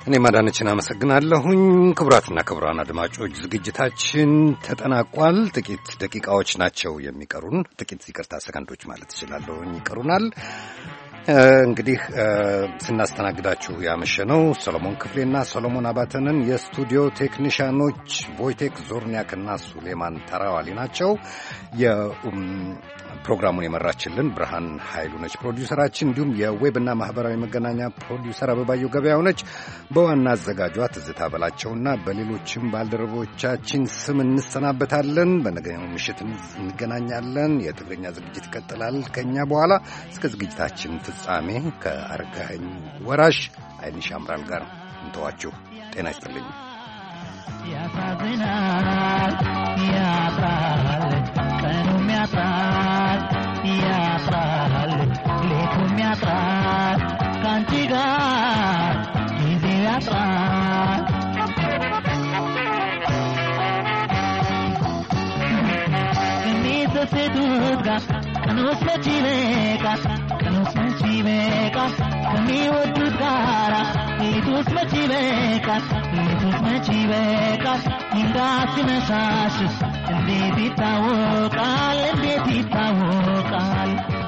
እኔ ማዳነችን አመሰግናለሁኝ። ክቡራትና ክቡራን አድማጮች ዝግጅታችን ተጠናቋል። ጥቂት ደቂቃዎች ናቸው የሚቀሩን፣ ጥቂት ይቅርታ፣ ሰከንዶች ማለት እችላለሁኝ ይቀሩናል። እንግዲህ ስናስተናግዳችሁ ያመሸ ነው ሰሎሞን ክፍሌና ሰሎሞን አባተንን የስቱዲዮ ቴክኒሽያኖች ቮይቴክ ዞርኒያክና ሱሌማን ተራዋሊ ናቸው። ፕሮግራሙን የመራችልን ብርሃን ኃይሉ ነች ፕሮዲውሰራችን። እንዲሁም የዌብና ማህበራዊ መገናኛ ፕሮዲውሰር አበባየው ገበያው ነች። በዋና አዘጋጇ ትዝታ በላቸውና በሌሎችም ባልደረቦቻችን ስም እንሰናበታለን። በነገ ምሽት እንገናኛለን። የትግርኛ ዝግጅት ይቀጥላል ከእኛ በኋላ እስከ ዝግጅታችን ፍጻሜ ከአርጋኸኝ ወራሽ አይንሽ አምራል ጋር እንተዋችሁ። ጤና ይስጥልኝ። ያሳዝናል፣ ያፍራል፣ ቀኑም ያፍራል፣ ያፍራል፣ ሌቱም ያፍራል፣ ካንቺ 지내가 미워 두다라 니도 스마 지내가 니도 스마 지내가 인다 스마 사수 내 비타오 갈 비타오 갈